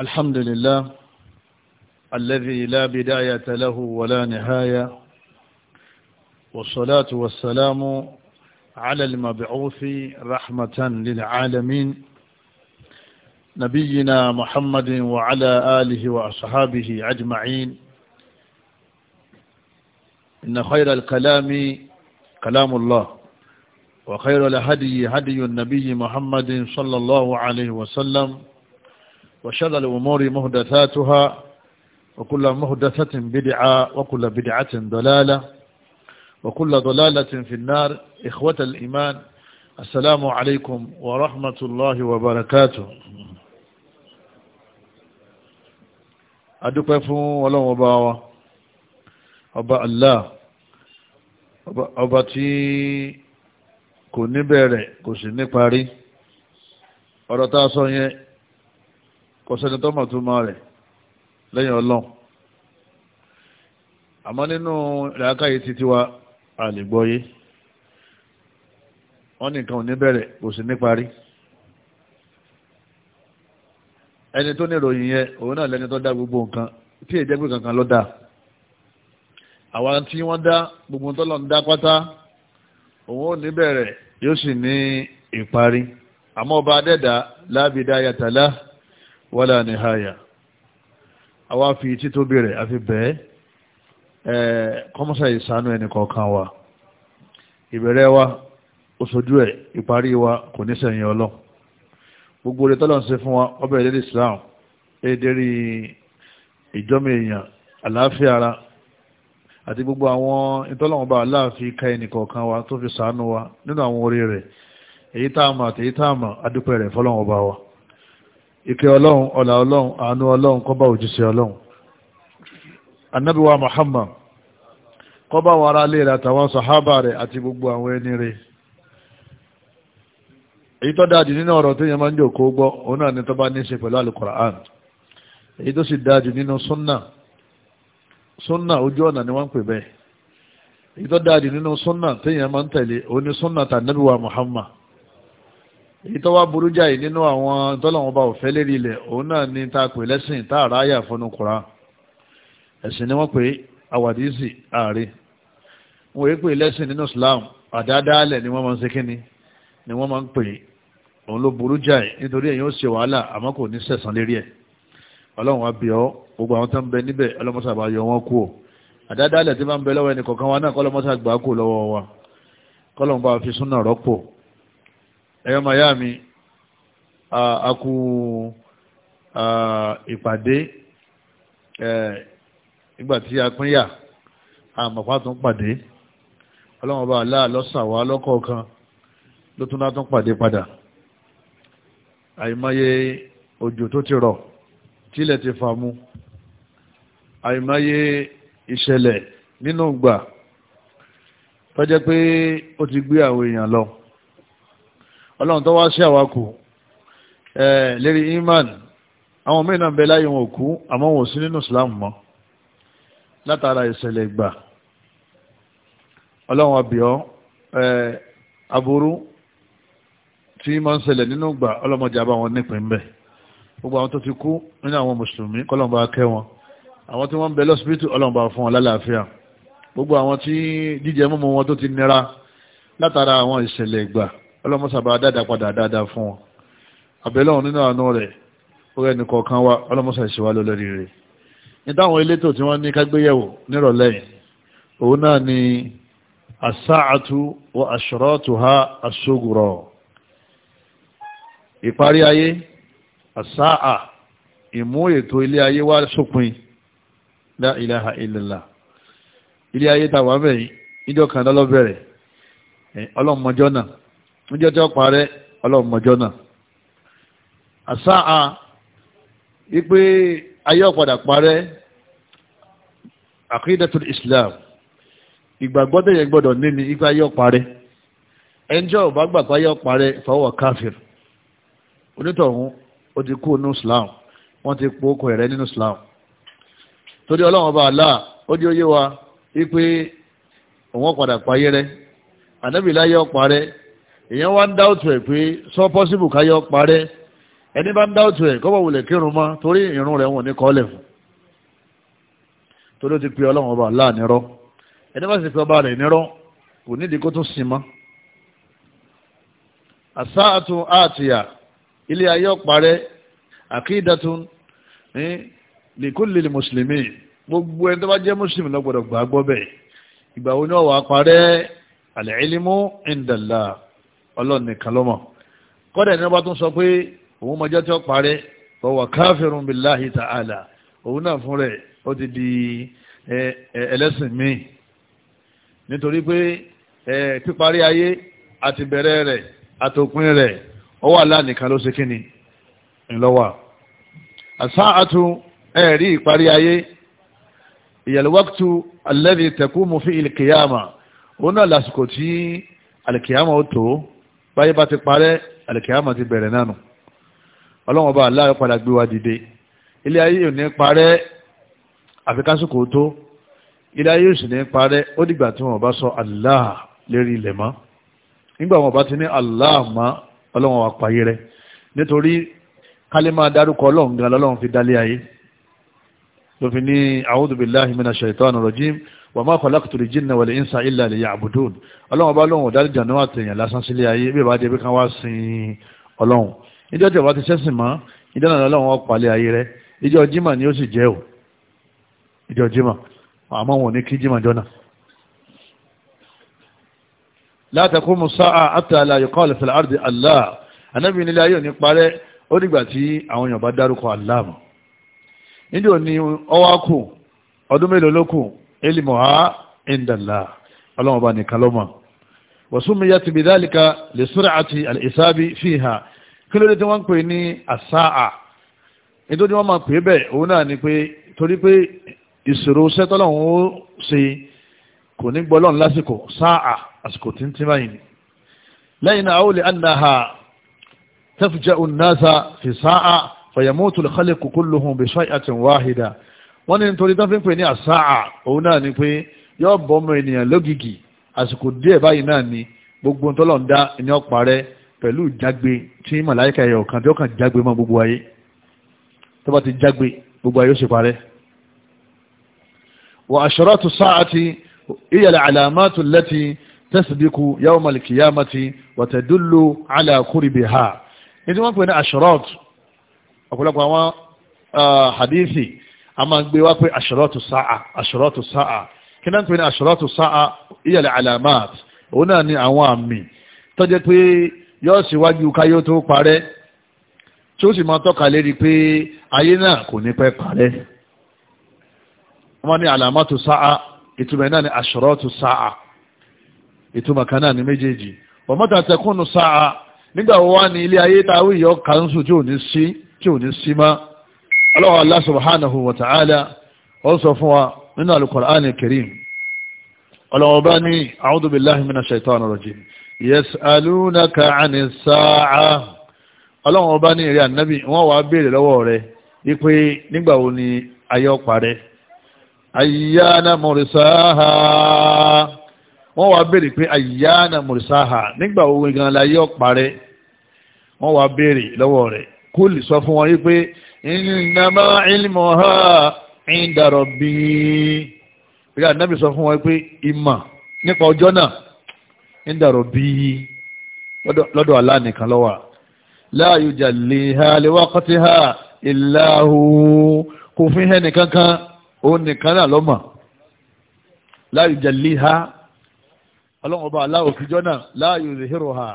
الحمد لله الذي لا بداية له ولا نهاية والصلاة والسلام على المبعوث رحمة للعالمين نبينا محمد وعلى آله وأصحابه أجمعين إن خير الكلام كلام الله وخير الهدي هدي النبي محمد صلى الله عليه وسلم وشر الأمور مهدثاتها وكل مهدثة بدعة وكل بدعة ضلالة وكل ضلالة في النار إخوة الإيمان السلام عليكم ورحمة الله وبركاته أدوك فون ولا مباوة أبا الله أبا تي كوني بيري كوسيني باري ọ̀rọ̀ tá a sọ yẹn kọ̀sẹ́ni tó mọ̀ tó máa rẹ̀ lẹyìn ọlọ́run àmọ́ nínú ìlàkàyè wa àlègbọ́yé wọ́n ní nǹkan ò ní bẹ̀rẹ̀ kò sì ní parí ẹni tó ní ìròyìn yẹn òun náà lẹni tó dá gbogbo nǹkan tí èdè kankan ló dá àwa gbogbo tó lọ́n dá pátá òun ò ní yóò La wọ́lá ní háyà àwa fi títóbi rẹ̀ bee bẹ́ẹ̀ kọ́mọ́sà ìsánú ẹnì kọ̀ọ̀kan wa ìbẹ̀rẹ̀ wa oṣojú ẹ̀ ìparí wa kò ní sẹ̀yìn ọlọ́ gbogbo rẹ̀ tọ́lọ̀ ń ṣe fún wa ọbẹ̀ ìdílé Islam édèrí ìjọ́mọ èèyàn àlàáfíà ara àti gbogbo àwọn ìtọ́lọ̀wọ̀nba aláàfi ká ẹnìkọ̀ọ̀kan wa tó fi sàánú wa nínú àwọn orí rẹ̀ èyí tá a mọ̀ àti èyí tá a mọ̀ adúpẹ́ rẹ̀ fọ́lọ́wọ̀nba wa. Ike ọlọ́run ọla ọlọ́run àánú ọlọ́run kó òjíṣẹ́ ọlọ́run ànábì Muhammad kó bá wàrà lè rà tàwọn sàhábà rẹ̀ àti gbogbo àwọn ẹni rẹ̀ èyí tó dájú nínú ọ̀rọ̀ tó yẹn máa ń jò kó gbọ́ òun náà ni tó bá ní ṣe pẹ̀lú ojú ọ̀nà ni wọ́n ń pè bẹ́ẹ̀ èyí tó dájú nínú tó yẹn máa ń tẹ̀lé èyí tó wá burú jáì nínú àwọn tọ́lọ̀wọ́n bá òfẹ́ lérí ilẹ̀ òun náà ni ta pè lẹ́sìn tá àráyà fọnú kura ẹ̀sìn ni wọ́n pè àwàdíìsì ààrẹ wọ́n yé pè lẹ́sìn nínú Islam àdáadáalẹ̀ ni wọ́n máa ń ṣe kíni ni wọ́n máa ń pè òun ló burú jáì nítorí èyí ó ṣe wàhálà àmọ́ kò ní sẹ̀sán lérí ẹ̀ ọlọ́run wa bì ọ́ gbogbo àwọn tó ń bẹ níbẹ̀ ọlọ́mọṣà bá yọ wọ́n kú ò àdáadáalẹ̀ tí máa ẹ̀yọ́ miami aku ìpàdé ìgbàtí a pín yà àmọ̀pá tún pàdé ọlọ́run ọba aláà lọ́sàwá lọ́kọ̀ọ̀kan ló tún látún pàdé padà àìmọye òjò tó ti rọ̀ tílẹ̀ ti fà mú àìmọye ìṣẹ̀lẹ̀ nínú ìgbà tó pé ó ti gbé àwọn èèyàn lọ ọlọ́run tó wá sí àwákù lérí iman àwọn mìíràn bẹ láyé wọn òkú àmọ́ wọn ò sí nínú islam mọ́ látara ìṣẹ̀lẹ̀ ìgbà ọlọ́run àbíọ́ aburú tí máa ń ṣẹlẹ̀ nínú ìgbà ọlọ́mọdé àbáwọn nípìn bẹ́ẹ̀ gbogbo àwọn tó ti kú nínú àwọn mùsùlùmí kọ́lọ́mbà kẹ́ wọn àwọn tí wọ́n ń bẹ lọ́sibítù ọlọ́mbà fún wọn lálàáfíà gbogbo àwọn tí jíjẹ mímu wọn tó ti nira látara àwọn ìṣẹ̀lẹ̀ ìgbà ọlọ́mọsàbà dáadáa padà dáadáa fún wọn àbẹ̀lọ́run nínú àánú rẹ̀ orí ẹnì kọ̀ọ̀kan wa ọlọ́mọsà ìṣèwà lórí rẹ̀ ní táwọn elétò tí wọ́n ní kágbéyẹ̀wò nírọ̀lẹ́ yìí òun náà ni àsáàtú wa ashratuha asógùrọ̀ ìparí ayé àsáà ìmú ètò ilé ayé wá sópin la ilaha illallah ilé ayé tàwọn mẹ́rin ìjọ kan lọ́lọ́bẹ̀rẹ̀ ọlọ́mọjọ́ náà ndị tí ó parẹ́ ọlọ́mọjọ́ asaa ikpe wípé ayé ọ̀padà parẹ́ àkídàtul islam ìgbàgbọ́ tẹ̀yẹ gbọ́dọ̀ níní ipa ayé ọ̀parẹ́ ẹnjọ́ ò bá ayé fọwọ́ onítọ̀hún ó ti kú nínú islam wọ́n ti po okò ẹ̀rẹ́ nínú islam torí ọlọ́run ọba àlá ó di wa òun ọ̀padà èèyàn wá ń dá òtù ẹ̀ pé sọ pọ́sibù káyọ́ parẹ́ ẹni bá ń dá òtù ẹ̀ kọ́bọ̀ wulẹ̀ kírun mọ́ torí ìrun rẹ̀ wọ̀n ní kọ́lẹ̀ fún torí ó ti pe ọlọ́run ọba láànírọ́ ẹni bá sì pe ọba rẹ̀ nírọ́ kò nídìí kó tún sin mọ́ àsáàtù àtìyà ilé ayé ọ̀parẹ́ àkídàtún ní lìkúlìlì mùsùlùmí gbogbo ẹni tó bá jẹ́ mùsùlùmí lọ́gbọ̀dọ̀ gbàgbọ́ bẹ́ẹ̀ ìgbà wo ni ọ̀wà ọlọ́run nìkan ló mọ̀ kọ́dà ní ọba tó sọ pé òun mọjọ́ tí ó parẹ́ ọwọ́ káfírun billahi ta'ala òun náà fún rẹ̀ ó ti di ẹlẹ́sìn míì nítorí pé píparí ayé àti bẹ̀rẹ̀ rẹ̀ àtòpin rẹ̀ ọwọ́ àlá nìkan ló ṣe kí ni ńlọ́wà àsáàtú ẹ̀rí ìparí ayé ìyàlúwàkútù alladhi taqumu fi al-qiyama òun náà lásìkò tí al-qiyama ó tó báyé bá ti parẹ́ àlìkìyàmọ̀ ti bẹ̀rẹ̀ nánu ọlọ́wọ́n bá aláyọ̀ padà gbé wa dìde ilé ayé ò ní parẹ́ àfi kásìkò tó ilé ayé ò sì ní parẹ́ ó dìgbà tí wọ́n bá sọ Allah lérí ilẹ̀ mọ́ nígbà wọn bá ti ní Allah mọ́ ọlọ́wọ́n wa payé rẹ nítorí kálí máa dárúkọ ọlọ́run gan lọ́lọ́run fi dálé ayé lófin ní a'udhu billahi minash shaitanir rajim wa ma khalaqtu al-jinna wal-insa illa liya'budun ọlọ́run ọba lóhun ọ̀dá ìjànú àtẹ̀yàn lásán sílé ayé bí ìbá débi kan wá sin ọlọ́run ìjọ tẹ̀wá ti sẹ́sìn mọ́ ìjọ náà lọ́wọ́ ọ̀pàlẹ̀ ayé rẹ ìjọ jimá ni ó sì jẹ́ o ìjọ jimá àmọ́ wọn ní kí jimá jọ́nà. la taqumu as-sa'a hatta la yuqala fil ardi Allah ilmu ha indala ọlọ́wọ́n bá nìkan lọ́mọ wàsúnmi ya ti bi dálíka lè sọ́rọ̀ àti àlẹ́sàbí fi ha kí ló dé tí wọ́n ń pè ní àsáà nítorí wọ́n máa pè é bẹ́ẹ̀ òun náà ni pé torí pé ìṣòro sẹ́tọ́lọ́hún ó ṣe kò ní gbọ́lọ́n lásìkò sáà àsìkò tí ń tí báyìí ni lẹ́yìn náà ó lè annaha tafja'u an-nasa fi sáà fayamutu al-khalqu kulluhum bi shay'atin wahida wọ́n ní nítorí tó fi ń pè ní àsáà òun náà ni pé yóò bọ́ ọmọ ènìyàn lógìkì àsìkò díẹ̀ báyìí náà ni gbogbo tọ́lọ̀ ń dá ní ọ̀parẹ́ pẹ̀lú ìjágbe tí màláìka ẹ̀yọ̀ kan tí ó kàn jágbe mọ́ gbogbo ayé tó bá ti jágbe gbogbo ayé ó sì parẹ́ wà àṣọ́rọ́tù sáàtì ìyàlẹ̀ àlàmátù lẹ́tì tẹ́sìdíkù yàwó malikiyamati wàtẹ̀dúlù alákùrìbì ha ní tí pè ní àṣọ́rọ́tù ọ̀pọ̀lọpọ̀ àwọn ah, hadithi a máa gbé wá pé àṣọ́rọ́tù sáà àṣọ́rọ́tù sáà kí náà ń pè ní àṣọ́rọ́tù sáà ìyàlẹ̀ alamat òun náà ni àwọn àmì tó jẹ́ pé yóò síwájú káyó tó parẹ́ tí ó sì máa tọ́ka lérí pé ayé náà kò ní pẹ́ parẹ́ wọ́n ní alamatu sáà ìtumọ̀ náà ni àṣọ́rọ́tù sáà ìtumọ̀ kan náà ni méjèèjì ọmọta tẹkùnù sáà nígbà wo wá ní ilé ayé táwí yọ kàńsù tí ò ní sí tí ò ní sí máa ọlọ́wọ́ Allah wa ó sọ fún wa nínú ọlọ́wọ́ bá ní a'udhu billahi minash shaitani rajim yas'alunaka 'ani ọlọ́wọ́ bá ní ìrẹ́ ànábì wọ́n wá béèrè lọ́wọ́ rẹ̀ wípé nígbà wo ni parẹ́ la parẹ́ ìnàmá ìlmọ̀ha ìdàrọ̀ bí i rí ànábì sọ fún wa pé ìmà nípa ọjọ́ náà ìdàrọ̀ bí i lọ́dọ̀ Allah nìkan ló wà la yujalliha liwaqtiha illa hu kò fi hẹ́ nìkankan òun nìkan náà lọ́mọ̀ la yujalliha ọlọ́run ọba aláwọ̀ fìjọ́ náà la yuzhiruha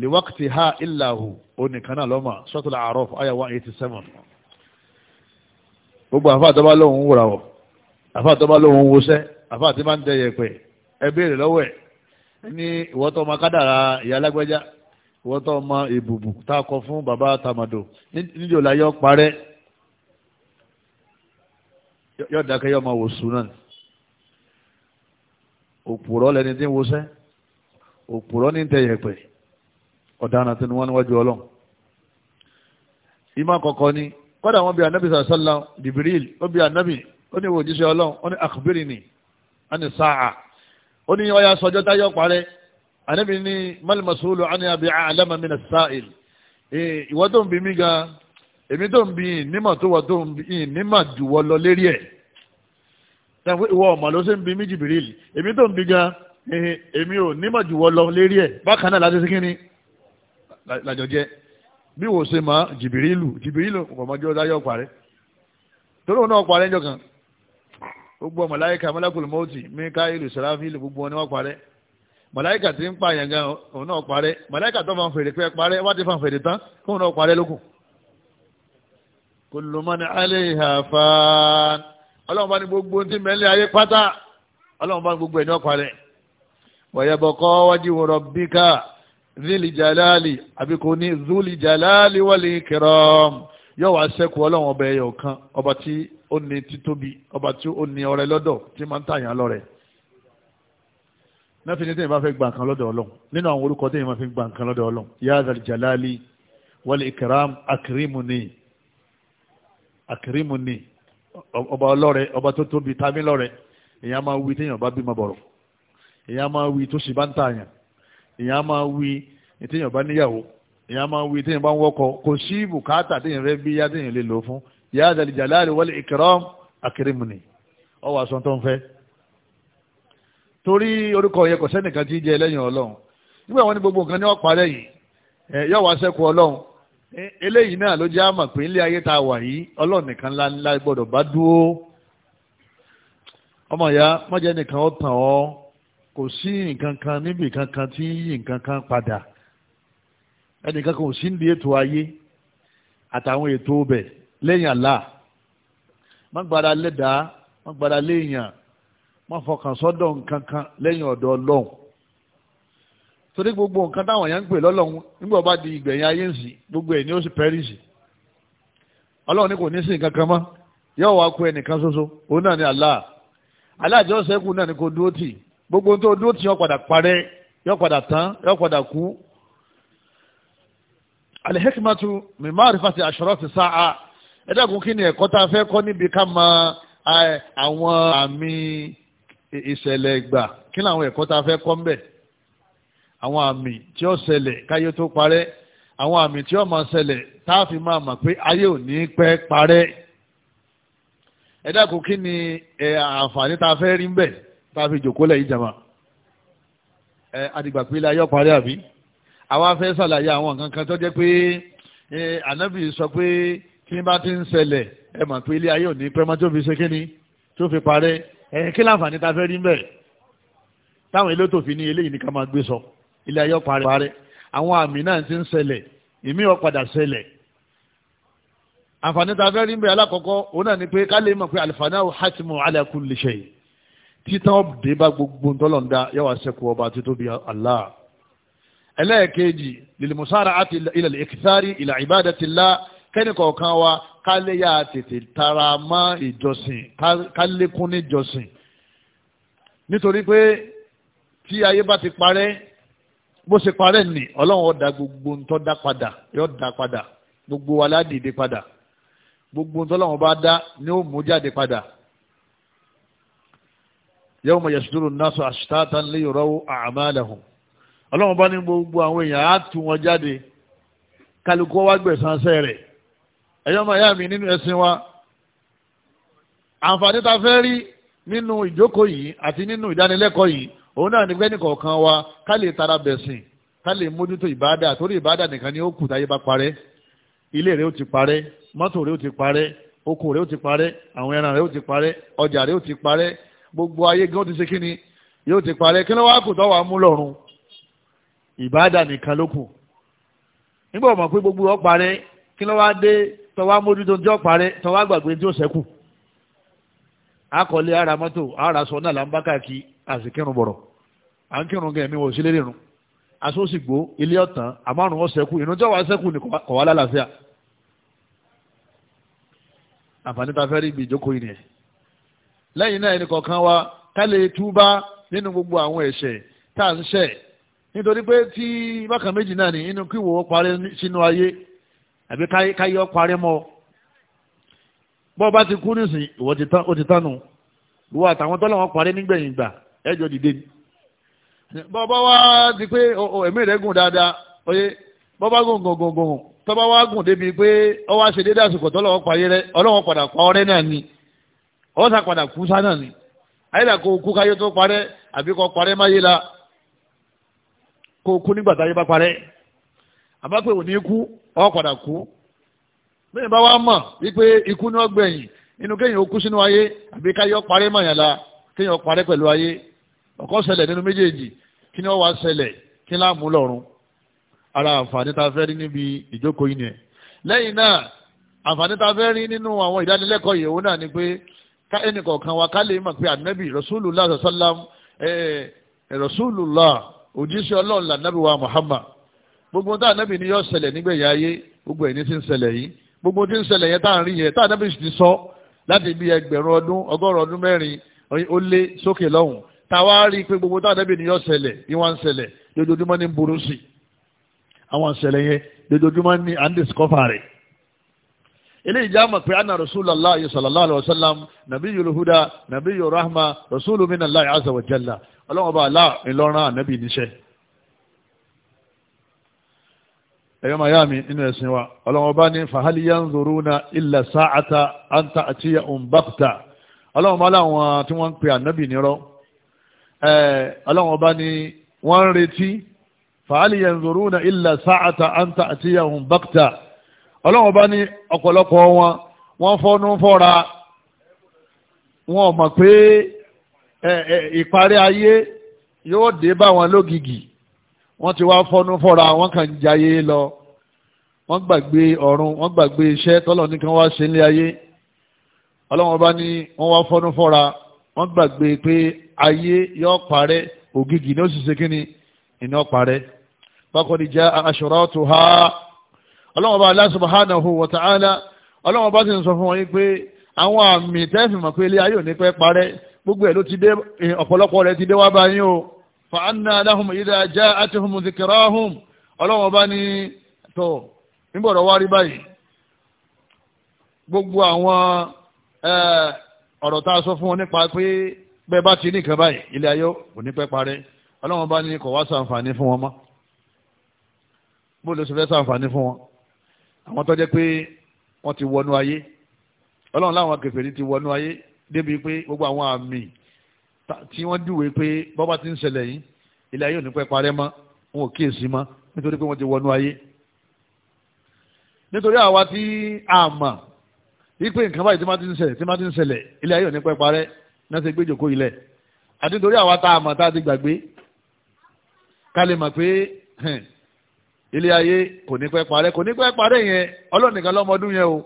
liwaqtiha illa hu onìkan kana lọ́mà suratul one gbogbo wúra wọ̀ máa ń ẹ béèrè lọ́wọ́ ẹ̀ ní ìwọ́tọ́ ọmọ kádàrà ìyá alágbẹ́já ìwọ́tọ́ a kọ fún bàbá tamado yọ parẹ́ yọ dákẹ́ yọ wò sùn náà òpùrọ́ lẹni tí ń òpùrọ́ ọ̀daràn tí wọ́n níwájú ọlọ́run ìmọ̀ kọ̀ọ̀kan ni kọ́dà wọn bí anabi sàlá jibril ó bí anabi ó ní òjíṣẹ́ ọlọ́run ó ní akhbirni ani sáà ó ní ọya sọjọ́ táyọ̀ parẹ́ anabi ní mal masulu ani abi a'lama min as-sa'il ìwọ tó ń bi mí gan èmi tó ń bi yìn nímọ̀ tó wọ tó ń bi yìn nímọ̀ jù wọ lọ lérí ẹ̀ sẹ́wọ́n ìwọ ọ̀mọ̀ ló ṣe ń bi mí jibril èmi tó ń bi gan èmi ò nímọ̀ jù wọ lọ lérí ẹ̀ bákan náà láti sí kínní làjọ jẹ bí wò ṣe máa jìbìrìlù jìbìrìlù ọmọdé ọdá yọ parẹ́ torí òun náà parẹ́ ńjọ kan gbogbo màláíkà mọ́lákùlù mọ́ọ̀tì míkáílù sàráfílù gbogbo wọn ni wọ́n parẹ́ tí ń pa àyàn gan òun náà parẹ́ màláíkà tó fan fèrè pẹ́ parẹ́ wá ti fan fèrè tán náà parẹ́ lókun. ọlọ́run bá ní gbogbo mẹ́lẹ́ ayé pátá ọlọ́run bá ní gbogbo ẹ̀ ní zili jalali àbí kò ní zuli jalali wali kiram yóò wá sẹ́kù ọlọ́run ọba ẹyọ kan ọba tí ó ní títóbi ọba tí ó ní ọrẹ lọ́dọ̀ tí máa ń tàyàn lọ́rẹ. náà fi ní tẹ́yìn bá fẹ́ gba nǹkan lọ́dọ̀ ọlọ́run nínú àwọn orúkọ tẹ́yìn máa fi gba nǹkan lọ́dọ̀ ọlọ́run ya zal jalali wali kiram akirimuni akirimuni ọba ọlọ́rẹ ọba tó tóbi tàmí lọ́rẹ èèyàn máa wí tẹ́yìn ọba bímọ bọ̀rọ̀ èèyàn máa wí tó sì bá ń tàyàn èèyàn máa wí téèyàn bá níyàwó èèyàn máa wí téèyàn ọba ń wọ́kọ kò sí bùkátà téèyàn rẹ bí yá téèyàn lè lò fún yá dal jalali a ikram ọwọ́ tó ń fẹ́ torí orúkọ yẹn kò sẹ́nìkan tí ń jẹ ẹlẹ́yìn ọlọ́run nígbà wọn gbogbo nǹkan ní ọ̀pá lẹ́yìn wá sẹ́kù ọlọ́run e, eléyìí náà ló jẹ́ àmọ̀ pé ilé ayé a wà yìí ọlọ́run nìkan ńláńlá gbọ́dọ̀ bá dúró ọmọ ìyá mọ́jẹ́ nìkan ó kò sí nǹkan kan níbi kankan tí ń yí nǹkan kan padà ẹnìkan kò sí ní ètò ayé àtàwọn ètò ọbẹ̀ lẹ́yìn àlá má gbára lẹ́dàá má gbára léèyàn má fọkàn sọ́dọ̀ nǹkan kan ọ̀dọ̀ ọlọ́run torí gbogbo nǹkan táwọn ń pè lọ́lọ́run nígbà bá di ìgbẹ̀yìn ayé gbogbo ẹ̀ ó sì ọlọ́run kò ní sí nǹkan kan mọ́ yóò wá kó ẹnìkan ṣoṣo òun náà ni àlá àlá àjọṣẹ́kù náà ni kò gbogbo tó dúró tí yọ padà parẹ́ yọ padà tán yọ padà kú. alihekimatu mimari fati asọrọfi sáà ẹ dàgún kí ni ẹ̀kọ́ tá a fẹ́ kọ́ níbi ká mọ àwọn àmì ìṣẹ̀lẹ̀ ìgbà kí ni àwọn ẹ̀kọ́ tá a fẹ́ kọ́ ńbẹ̀ àwọn àmì tí ó ṣẹlẹ̀ káyé tó parẹ́ àwọn àmì tí ó máa ṣẹlẹ̀ tá a fi máa mọ̀ pé ayé ò ní pẹ́ parẹ́ ẹ dàgún kí ni àǹfààní tá a rí ńbẹ̀ tàbí jòkólẹ̀ ìjàmà ẹ àdìgbà pé ilé ayé parí àbí àwa fẹ́ ṣàlàyé àwọn nǹkan kan tó jẹ́ pé ànábì sọ pé kí n bá ti ń ṣẹlẹ̀ ẹ mọ̀ pé ilé ayé ò ní tó fi ṣe kí ni tó fi parẹ́ ẹ̀yìn kí láǹfààní ta fẹ́ rí mbẹ̀ táwọn elétò fi ní eléyìí ní ká máa gbé sọ ilé ayé ó parẹ́ àwọn àmì náà ti ń ṣẹlẹ̀ ìmí ó padà ṣẹlẹ̀ àǹfààní ta fẹ́ rí mbẹ̀ alákọ̀ọ́kọ́ òun náà ni pé ká lè mọ̀ pé àlìfààní àwọn hàtìmọ̀ ala títàn dé bá gbogbo ntọ́lọ̀ndá yẹ́wà sẹ́kù ọba títóbi Allah ẹlẹ́ẹ̀kejì lilimusara àti ilẹ̀ ìkìtàrí ilẹ̀ ìbádẹ́tìlá kẹ́nìkọ̀ọ̀kan wa káléyà tètè tara mọ́ ìjọsìn kálékún níjọsìn nítorí pé tí ayé bá ti parẹ́ bó ṣe parẹ́ nì ọlọ́run ó dá gbogbo ntọ́ dá padà yóò dá padà gbogbo wa ládìde padà gbogbo ntọ́lọ́run bá dá ni ó mú jáde padà yawma yasduru an-nasu ashtatan li yuraw a'malahum ọlọ́run bá ní gbogbo àwọn èèyàn á tú wọn jáde kálukú wá gbẹ̀sánṣẹ́ rẹ̀ ẹ̀yọ́ máa yá mi nínú ẹ̀sìn wa àǹfààní ta fẹ́ rí nínú ìjókòó yìí àti nínú ìdánilẹ́kọ̀ọ́ yìí òun náà ní gbẹ́ni kọ̀ọ̀kan wa ká lè tara bẹ̀sìn ká lè mójútó ìbáadà torí ìbáadà nìkan ni ó kù táyé bá parẹ́ ilé rẹ̀ ó ti parẹ́ mọ́tò rẹ̀ ó ti parẹ́ oko rẹ̀ ó ti parẹ́ àwọn ẹran rẹ̀ ó ti parẹ́ ọjà rẹ̀ ó ti parẹ́ gbogbo ayé gan ti ṣe kí ni yóò ti parẹ́ kí ló wá kù tọ́wọ́ mú lọ́rùn ìbáàdà nìkan ló kù nígbà wọ́n mọ̀ pé gbogbo ọ parẹ́ kí ló wá dé tọ́wọ́ mójútó tí ó parẹ́ tọ́wọ́ gbàgbé tí ó ṣẹ́kù akọ̀lé ara mọ́tò ara sọ náà là ń bá káàkiri àsìkírun bọ̀rọ̀ à ń kírun gẹ̀ mi wọ̀ sílé nínú asósìgbò ilé ọ̀tàn àmárùn ọ̀sẹ̀kù ìrúnjọ́ wa sẹ́kù ní kọ̀wá lálàáfíà àǹfààní ta fẹ́ rí ibi ìjókòó yìí nìyẹn lẹ́yìn náà ẹnì kọ̀ọ̀kan wa ká lè túbá nínú gbogbo àwọn ẹ̀ṣẹ̀ tá à ń ṣẹ̀ nítorí pé tí bákan méjì náà ní inú kí wò ó parẹ́ sínú ayé àbí káyé ọ parẹ́ mọ́ bọ́ọ̀ bá ti kú nísìn ìwọ ó ti tánu ìwọ àtàwọn tọ́lọ́ wọn parẹ́ nígbẹ̀yìn gbà ẹjọ́ dìde ni bọ́ọ̀bá wá di pé ẹ̀mí rẹ̀ gùn dáadáa oyè bọ́ọ̀bá gùn gùn gùn gùn tọ́ba wá gùn débi pé ọwọ́ àṣedédé àsìkò tọ́lọ́ wọn parẹ́ rẹ ọlọ́wọ́n padà pa ọrẹ́ náà ni ó sà padà kú sá náà ni àyílà kó kú káyé tó parẹ́ àbí kó parẹ́ máyé la kó kú nígbà táyé bá parẹ́ àbápẹ́ òní kú ó padà kú bẹ́ẹ̀ bá wá mọ̀ wípé ikú ni ó gbẹ̀yìn inú kéèyàn ó kú sínú ayé àbí káyé ó parẹ́ mọ̀yàn la kéèyàn ó parẹ́ pẹ̀lú ayé ọ̀kọ́ ṣẹlẹ̀ nínú méjèèjì kí ni ó wá ṣẹlẹ̀ kí ni láàmú lọ́rùn ara àǹfààní tá a fẹ́ rí níbi ìjókòó yìí nìyẹn lẹ́yìn náà àǹfààní tá fẹ́ rí nínú àwọn ìdánilẹ́kọ̀ọ́ yìí náà ni pé ká ẹnì kọ̀ọ̀kan wa ká lè mọ̀ pé ànábì rasulullah sallam rasulullah òjíṣẹ́ ọlọ́run lànàbì wa muhammad gbogbo tá ànábì ni yóò ṣẹlẹ̀ nígbẹ̀yà ayé gbogbo ẹ̀ní ti ń ṣẹlẹ̀ yìí gbogbo tí ń ṣẹlẹ̀ yẹn tá à ń rí yẹn tá ànábì sì ti sọ láti bí ẹgbẹ̀rún ọdún ọgọ́rùn ọdún mẹ́rin ó lé sókè lọ́hùn táwa rí i pé gbogbo tá ànábì ni yóò ṣẹlẹ̀ ìwọ̀n ṣẹlẹ̀ lójoojúmọ́ ní burú sí àwọn ṣẹlẹ̀ yẹn lójoojúmọ́ ní à ń eléyìí já mọ̀ pé anna rasulullah sallallahu alaihi wasallam nabiyul huda nabiyur rahma rasulun minallahi azza wa jalla ọlọ́wọ́n bá aláà ńlọrọ̀ ànábì níṣẹ́ ẹ̀yọ́ miami inú ẹ̀sìn wa ọlọ́wọ́n bá ní fahal yanzuruna illa sa'ata an ta'tiyahum baghtah ọlọ́wọ́n bá láwọn tí wọ́n ń pè ànábì nírọ́ ọlọ́wọ́n bá ní wọ́n ń retí fahal yanzuruna illa sa'ata an ta'tiyahum baghtah ọlọ́run bá ní ọ̀pọ̀lọpọ̀ wọn wọ́n fọ́nú fọ́ra wọn ò mọ̀ pé ìparí ayé yóò dé bá wọn lógìgì wọ́n ti wá fọ́nú fọ́ra wọ́n kàn jayé lọ wọ́n gbàgbé ọ̀run wọ́n gbàgbé iṣẹ́ tọ́lọ̀ nìkan wá ṣe nílé ayé ọlọ́run bá ní wọ́n wá fọ́nú fọ́ra wọ́n gbàgbé pé ayé yóò parẹ́ ògìgì ní ó sì ṣe kí ni parẹ́ bákan ní aṣọ́rọ́ tó há. ọlọ́wọ́n bá Allah subhanahu wa ta'ala ọlọ́wọ́n bá sì ń sọ fún wọn yìí pé àwọn àmì tẹ́fì mọ̀ pé ilé ayò ní pẹ́ parẹ́ gbogbo ẹ̀ ló ti dé ọ̀pọ̀lọpọ̀ rẹ̀ ti dé wá báyìí o bá ní tọ̀ níbọ̀dọ̀ wá rí báyìí gbogbo àwọn ọ̀rọ̀ tá a sọ fún wọn nípa pé bẹ́ẹ̀ bá ti ní báyìí ilé pẹ́ parẹ́ ní wá sàǹfààní fún wọn mọ́ bó ló ṣe fẹ́ sàǹfààní fún wọn àwọn tó jẹ́ pé wọ́n ti wọnú ayé ọlọ́run láwọn kèfèrí ti wọnú ayé débi pé gbogbo àwọn àmì tí wọ́n dùwé pé bọ́bá ti ń ṣẹlẹ̀ yìí ilé ayé ò ní pẹ́ parẹ́ mọ́ wọn ò kíyèsí mọ́ nítorí pé wọ́n ti wọnú ayé nítorí àwa tí a mọ̀ wípé nǹkan báyìí tí máa ti ń ṣẹlẹ̀ tí máa ti ń ṣẹlẹ̀ ilé ayé ò ní pẹ́ náà ṣe gbéjòkó ilẹ̀ àti nítorí àwa tá a mọ̀ tá a ti gbàgbé ká lè mọ̀ pé ilé ayé kò ní pẹ́ parẹ́ kò ní pẹ́ parẹ́ yẹn ọlọ́run nìkan lọ́mọdún yẹn o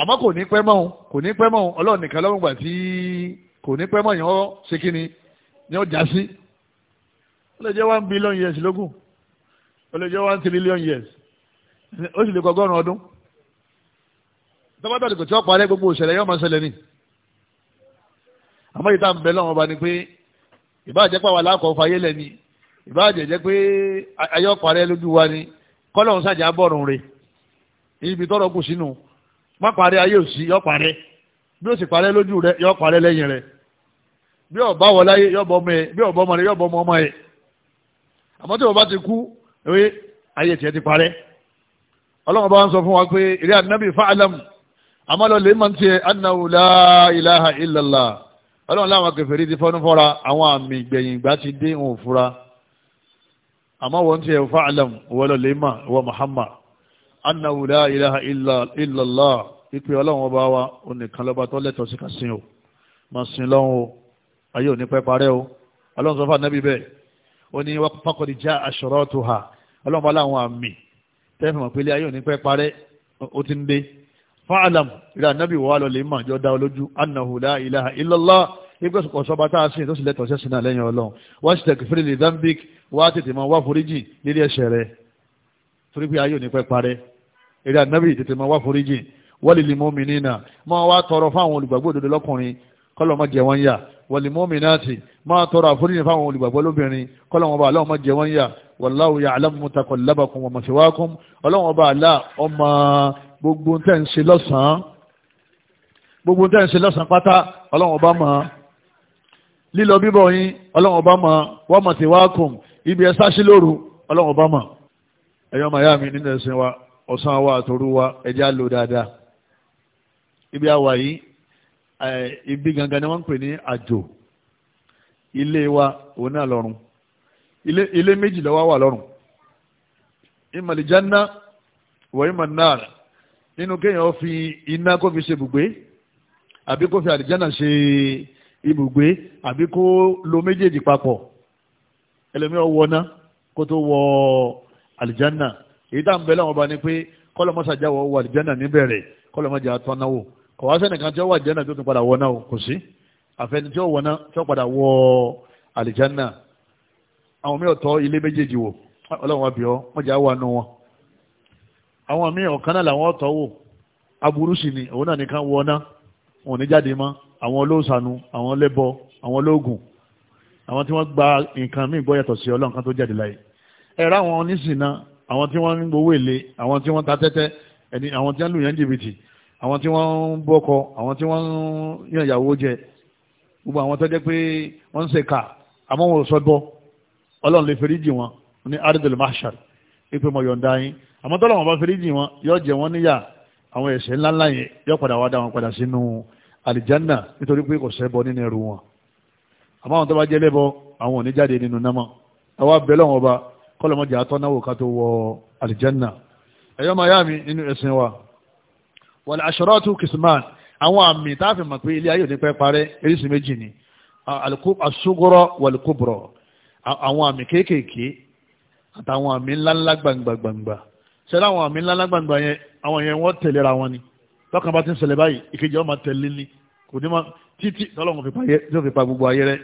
àmọ́ kò ní pẹ́ mọ́ o kò ní pẹ́ mọ́ o ọlọ́run nìkan lọ́mọgbà tí kò ní pẹ́ mọ́ yẹn ó ṣe kí ni yẹn ó já sí ó lè jẹ́ one billion years lógún ó lè jẹ́ one trillion years ó sì lè kọ́ ọgọ́rùn-ún ọdún tọ́pátọ́ nìkan tí wọ́n parẹ́ gbogbo òṣèlè yóò máa ṣẹlẹ̀ ni àmọ́ ìta ń bẹ lọ́wọ́ ọba ni pé ìbáàjẹ́ pàwọ́ aláàkọ́ fayé lẹ́ni ìbáàjẹ́ jẹ́ pé ayọ́ lójú wa ni kọ́lọ̀ ń sàjà bọ̀rùn rè ibi tọ́rọ kù sínú má parẹ́ ayé òsì yọ parẹ́ bí ó sì parẹ́ lójú rẹ yọ parẹ́ lẹ́yìn rẹ bí ọba wọ láyé yọ bọ ọmọ ẹ bí ọba ọmọ rẹ yọ bọ ọmọ ọmọ ẹ àmọ́ tí ọba ti kú ewé ayé tiẹ̀ ti parẹ́ ọlọ́run bá ń sọ fún wa pé ìrẹ́ ànábì fáàlám àmọ́ lọ lè máa tiẹ̀ annahu la ilaha ọlọ́run láwọn kèfèrí ti fọ́nú fọ́ra àwọn àmì ìgbẹ̀yìn ìgbà ti dé òun fura àmọ́ wọ́n ti ẹ̀ fa'alam wọlọ lèémà wọ Muhammad annahu la ilaha illallah ipe ọlọ́run ọba wa onìkan lọ́ba tó lẹ́tọ̀ọ́ sí kàsín o máa sin lọ́hùn o ayé òní pẹ́ parẹ́ o ọlọ́run sọ fún anábì bẹ́ẹ̀ ó ní faqad jaa ashratuha ọlọ́run bá láwọn àmì tẹ́fẹ̀ mọ̀ pélé ayé òní pẹ́ parẹ́ ó ti ń dé fa'alam ìrẹ́ anábì wọ́n lọ lèémà jọ dá olójú annahu la ilaha illallah ipe kọ̀sọ́ba tá a sìn tó sì lẹ́tọ̀ọ́ sẹ́sìn náà lẹ́yìn ọlọ́run wá sí tẹ̀kífìrì lè dánbík wá tètè máa wá foríjì lérí ẹ̀ṣẹ̀ rẹ̀ torí pé ayé ò ní pẹ́ parẹ́ eré ànábì tètè máa wá foríjì wọ́lì lè mọ́mì nínà máa wá tọrọ fáwọn olùgbàgbọ́ òdodo lọ́kùnrin kọ́lọ̀ má jẹ wọ́n yà wọ́lì mọ́mì náàtì máa tọrọ àforíjì fáwọn olùgbàgbọ́ lóbìnrin kọ́lọ̀ ọmọ gbogbo tẹ́ ń ṣe lọ́sàn-án gbogbo tẹ́ ń ṣe lọ́sàn-án pátá ọlọ́wọ́n bá máa lílọ bíbọ̀ yín ọlọ́run ọba mọ̀ wọ́n mọ̀ sí wákùn ibi ẹ̀sá sí lóru ọlọ́run ọba mọ̀ ẹ̀yọ́ màyá mi nínú ẹ̀sìn wa ọ̀sán wa àtòru wa ẹ̀já lò dáadáa ibi àwà yìí ibi gangan ni wọ́n ń pè ní àjò ilé wa òun náà lọ́run ilé méjì lọ́wọ́ wà lọ́run ìmàlìjánná wọ ìmàlìnáàrà nínú kéèyàn fi iná kó fi ṣe bùgbé àbí kó fi àlìjánná ṣe é ibùgbé àbí kó lo méjèèjì papọ̀ ẹlẹ́mi ọ̀wọ́ná kó tó wọ àlìjánà èyí tá à ń bẹ láwọn ọba ni pé kọ́lọ́mọ́sàjà wọ wọ àlìjánà níbẹ̀rẹ̀ kọ́lọ́mọ́jà tọ́ná wò kò wá sẹ́nìkan tí ó wà àlìjánà tó tún padà wọ́ná o kò sí àfẹni tí ó wọ́ná tí ó padà wọ àlìjánà àwọn mi ò tọ́ ilé méjèèjì wò ọlọ́run àbí ọ mọ̀jà wà nù wọn àwọn mi ọ̀kan làwọn tọ́ wò aburú sì ni òun náà nìkan wọ́ná òun ní jáde mọ́ àwọn olóòsànú àwọn lẹ́bọ àwọn olóògùn àwọn tí wọ́n gba nǹkan míì gbọ́ yàtọ̀ sí ọlọ́run kan tó jáde láyé ẹ̀rọ àwọn oníṣìnà àwọn tí wọ́n ń gbowó èlé àwọn tí wọ́n ta tẹ́tẹ́ ẹni àwọn tí wọ́n lù yẹn jìbìtì àwọn tí wọ́n ń bọ́kọ àwọn tí wọ́n ń yàn ìyàwó jẹ gbogbo àwọn tó jẹ́ pé wọ́n ń ṣe kà àmọ́ wọn ò sọ gbọ́ ọlọ́run lè feríjì wọn ní ardil mahshar ipe mo yọ̀ǹda yín àmọ́ tọ́lọ́wọ́n bá feríjì wọn yóò jẹ wọ́n níyà àwọn ẹ̀ṣẹ̀ ńláńlá àlìjánà nítorí pé kò sẹ́bọ nínú ẹrù wọn àmọ́ àwọn tó bá jẹ́ lẹ́bọ àwọn ò ní jáde nínú námọ́ àwa bẹ̀ lọ́wọ́n ọba kọ́lọ́mọdé àtọ́náwó ká tó wọ àlìjánà ẹ̀yọ́ máa yá mi nínú ẹ̀sìn wa wal asharatu kìsìmán àwọn àmì táàfin mọ̀ pé ilé ayé òní pẹ́ parẹ́ eréṣin méjì ni asúgọ́rọ̀ wal kubra àwọn àmì kéékèèké àtàwọn àmì ńláńlá gbàǹgbàǹgbà ṣẹlẹ̀ àwọn àmì ńláńlá gbàǹgbà yẹn àwọn yẹn wọ́n tẹ̀léra wọn ni tọ́kàn bá ti ń ṣẹlẹ̀ báyìí ìkejì ọmọ tẹ̀lé ni kò ní máa títí tọ́lọ́run tí ó fi pa gbogbo ayé rẹ̀.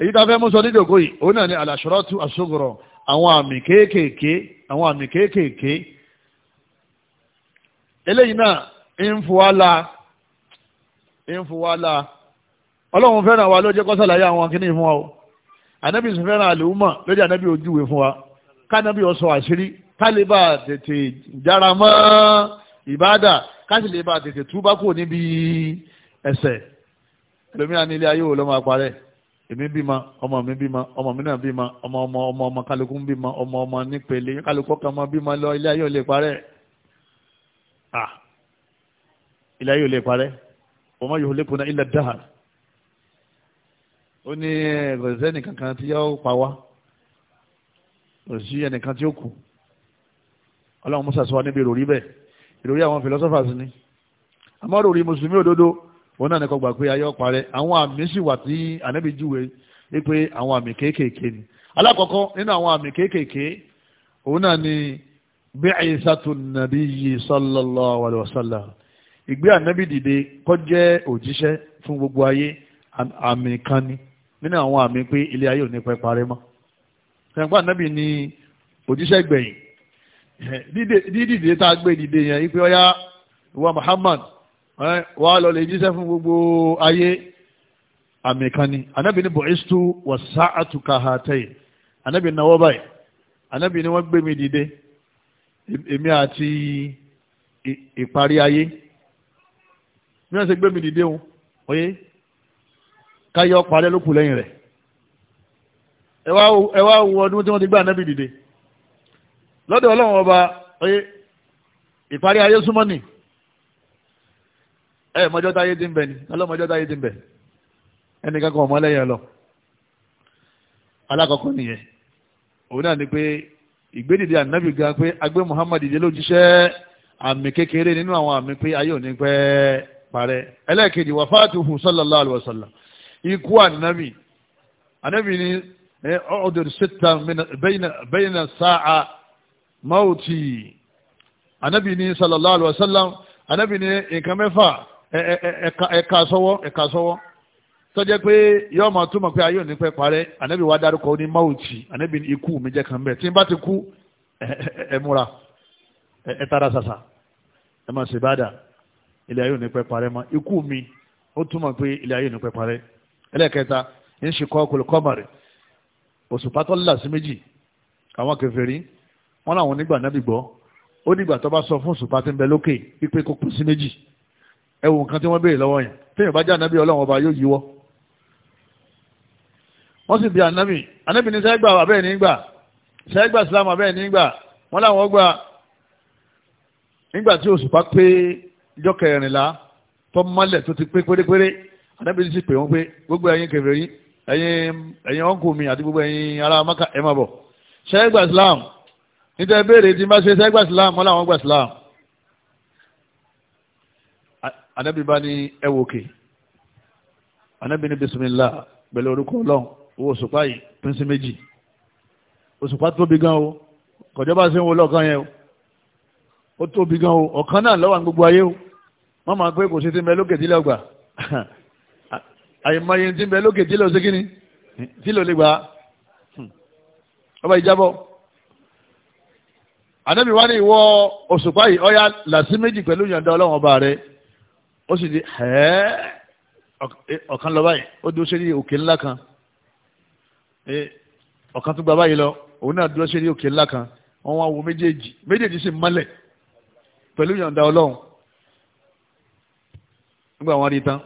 èyí tá a fẹ́ mú sọ nídìí òkú yìí òun náà ni àlàṣọ́rọ́ tú àṣọgọ̀rọ̀ àwọn àmì kéékèèké àwọn àmì kéékèèké eléyìí náà ń fuwa la ń fuwa la ọlọ́run fẹ́ràn wa ló jẹ́ kọ́sàlà yá àwọn akíní fún wa o ànábì sì fẹ́ràn àlùmọ̀ lórí ànábì ojúwe fún wa kánábì ọ̀sọ̀ àṣírí ká tètè jára ìbáàdà káṣí lè bá tètè túbá kò níbi ẹ̀ṣẹ̀ ẹlòmíràn ní ilé ayé wo ló máa parẹ́ èmi bímọ ọmọ mi bímọ ọmọ mi náà bímọ ọmọ ọmọ ọmọ ọmọ kálukú ń bímọ ọmọ ọmọ nípele kálukú ọkàn ọmọ bímọ lọ ilé ayé ò lè parẹ́ ah ilé ayé ò lè parẹ́ ọmọ yòó lẹ́kùn náà ilẹ̀ dáhà ó ní eh, ẹ̀rọ̀sẹ́ nìkankan tí yóò pa wá òsì ẹnìkan tí ó kù ọlọ́run mọ́sàsọ́ níbi rò bẹ́ẹ̀ ìròrí àwọn philosophers ni àmọ́rò rí mùsùlùmí òdodo òun náà nìkan gbà pé ayé ọ̀parẹ́ àwọn àmì sì wà tí ànábì júwe ní pé àwọn àmì kéékèèké ni alákọ̀ọ́kọ́ nínú àwọn àmì kéékèèké òun náà ni bi'isatu nabiyyi sallallahu alaihi wasallam ìgbé ànábì dìde kó jẹ́ òjíṣẹ́ fún gbogbo ayé àmì kan ni nínú àwọn àmì pé ilé ayé ò ní pẹ́ parẹ́ mọ́ ṣẹ̀ǹpá ànábì ni òjíṣẹ́ gbẹ̀yìn dídìde tá a gbé dìde yẹn ipe ọ̀yá ìwà Muhammad wà á lọ lè jíṣẹ́ fún gbogbo ayé àmì kan ni anábì ní bu'istu wà sáàtù kahatayi anábì náwó báyìí anábì ní wọ́n gbé mi dìde èmi àti ìparí ayé bí wọ́n ṣe gbé mi dìde òun oyé káyọ̀ parẹ́ ló kù lẹ́yìn rẹ̀ ẹ wá wo ọdún tí wọ́n ti gbé anábì dìde. lọ́dọ̀ ọlọ́run ọba ìparí ayé súnmọ́ ni ẹ mọjọ́ táyé ti ń bẹ ni ọlọ́mọjọ́ táyé ti ń ẹnìkan kan ọmọ lẹ́yìn ọlọ alákọ̀ọ́kọ́ nìyẹn òun náà ni pé ìgbédìde ànábì ga pé agbé Muhammad ìdílé lójíṣẹ́ àmì kékeré nínú àwọn àmì pé ayé òní pẹ́ parẹ́ ẹlẹ́ẹ̀kejì ni Mauti, anábì ní sallallahu alaihi wasallam anábì ní nǹkan mẹ́fà ẹ̀ka sọ́wọ́ ẹ̀ka sọ́wọ́ tó jẹ́ pé yóò máa túmọ̀ pé ayé ò ní pẹ́ parẹ́ anábì wá dárúkọ ní mọ́ọ̀tì anábì ní ikú mi jẹ́ kan bẹ́ẹ̀ tí n bá ti kú ẹ múra ẹ tara sàṣà ẹ máa ṣe bàdà ilé ayé ò pẹ́ parẹ́ mọ́ ikú mi ó túmọ̀ pé ilé ayé ò ní pẹ́ parẹ́ ẹlẹ́kẹta ń ṣe kọ́ kọlùkọ́mọ̀rì òṣùpá tó là sí méjì àwọn kèfèrí wọ́n láwọn onígbà nábì gbọ́ ó dìgbà tó bá sọ fún sùpá tí ń bẹ lókè pípé kó kù sí méjì ẹwù nǹkan tí wọ́n béèrè lọ́wọ́ yẹn téèyàn bá jẹ́ ànábì ọlọ́run ọba yóò yíwọ́ wọ́n sì bí ànábì ànábì ní sẹ́gbà abẹ́ẹ̀ nígbà sẹ́gbà sílámù abẹ́ẹ̀ nígbà wọ́n láwọn gbà nígbà tí òṣùpá pé ìjọ kẹrìnlá tó mọ́lẹ̀ tó ti pé pérépéré ànábì sì pè wọ́n pé gbogbo ẹ̀yin kèfèrí ẹ̀yin ẹ̀yin ọ̀nkù mi àti gbogbo ẹ̀yin ará Mákà ẹ̀ máa bọ̀ sẹ́gbà sílámù níta béèrè tí bá ṣe ṣe gbà sílámù wọn làwọn gbà sílámù anabi bá ní ẹwọ òkè anabi ní bisimilá pẹ̀lú orúkọ ọlọ́run owó òṣùpá yìí pínsí méjì òṣùpá tóbi gan o kọjọba ṣe ń wo yẹn o ó tóbi gan o ọ̀kan náà lọ́wọ́ gbogbo ayé o wọ́n máa pé kò sí ti ń bẹ lókè tí lọ́gbà àyèmáyé ti ń lókè tí lọ́ọ́ ṣe kí ni tí lọ́ọ́ lè gbà ọba ìjábọ̀ ànábì wá ní ìwọ òṣùpá yìí ọ̀yá làásì méjì pẹ̀lú ìyọ̀ǹda ọlọ́run ọba rẹ̀ ó sì di ọ̀kan lọ báyìí ó dúró sí òkè ńlá kan ọ̀kan tó gba báyìí lọ òun náà dúró sí òkè ńlá kan wọ́n wá wo méjèèjì méjèèjì sì mọ́lẹ̀ pẹ̀lú ìyọ̀ǹda ọlọ́run nígbà wọn rí tán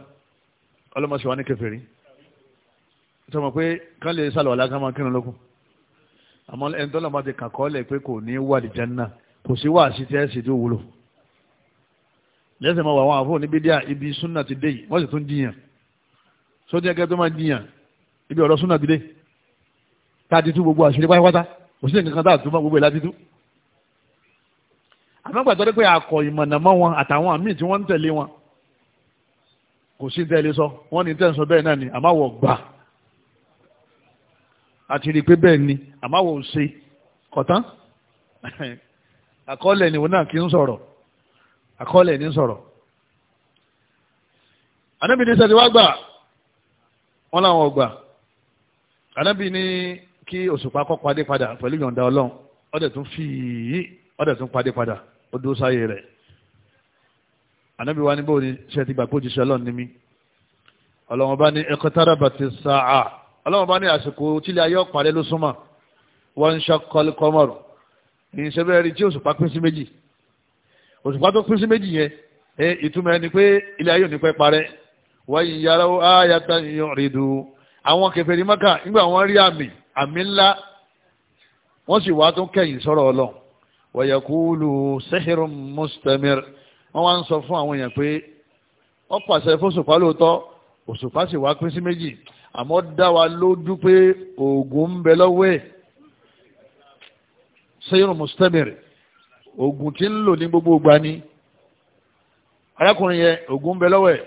ọlọ́mọṣẹ́ wa ní kèfèrí sọ ma pé kán lè sálọ̀ ọ̀la kán máa kírun lókun àmọ́ ẹni tó lọ́mọ ti kàkọ́ lẹ̀ pé kò ní wà lìjánná kò sí wà sí tẹ́ẹ̀sì tó wúlò lẹ́sẹ̀ mọ́ wà wọn àfọ níbi díà ibi súnà ti dé yìí wọ́n sì tún jiyàn sódì ẹgẹ́ tó máa jiyàn ibi ọ̀rọ̀ súnà ti dé tá a ti tú gbogbo àṣírí pátápátá kò sí nǹkan tá a tún mọ́ gbogbo ẹ̀ láti tú àmọ́gbà tó dé pé akọ ìmọ̀nà mọ́ wọn àtàwọn míì tí wọ́n ń tẹ̀lé wọn kò sí tẹ́lẹ̀ sọ wọ́n ní tẹ́lẹ̀ ni àmọ́ àti rí i pé bẹ́ẹ̀ ni àmáwò ò ṣe kọ̀tán àkọọ́lẹ̀ ni òun náà kì í sọ̀rọ̀ àkọọ́lẹ̀ ni sọ̀rọ̀ anábì ní sẹ́ni wá gbà wọ́n láwọn ọgbà anábì ní kí òṣùpá kọ́ padé padà pẹ̀lú ìyọ̀ǹda ọlọ́run ọdẹ tún fi yìí ọdẹ tún padé padà ó dúró sáyé rẹ̀ anábì wa ní bóun ní sẹ́ni gbàgbó jíṣẹ́ ọlọ́run ní mi ọlọ́run bá ní ẹ̀kọ́ tára bàtí sáà ọlọ́run bá ní àsìkò tílé ayé ọ̀pàdé ló súnmọ́ wọ́n ń ṣọkọlù kọmọ̀rù ní ìṣẹ́bẹ̀ rí tí òṣùpá pín sí méjì òṣùpá tó pín sí méjì yẹn ẹ ìtumọ̀ ẹni pé ilé ayé ò ní pẹ́ parẹ́ wọ́n yìí yàrá ayàtà yìnyín rìndù àwọn kèfèrí Mákà nígbà wọ́n rí àmì àmì ńlá wọ́n sì wá tó kẹ́yìn sọ̀rọ̀ ọlọ́run wa yakulu sihirun mustamir wọ́n wá ń sọ fún àwọn èèyàn pé ó pàṣẹ fóṣùpá lóòótọ́ òṣùpá sì wá pín sí méjì àmọ́ dá wa lójú pé oògùn ń bẹ lọ́wọ́ ẹ̀ sẹ́yìn mustamir oògùn tí ń lò ní gbogbo ìgbà ni arákùnrin yẹn oògùn ń bẹ lọ́wọ́ ẹ̀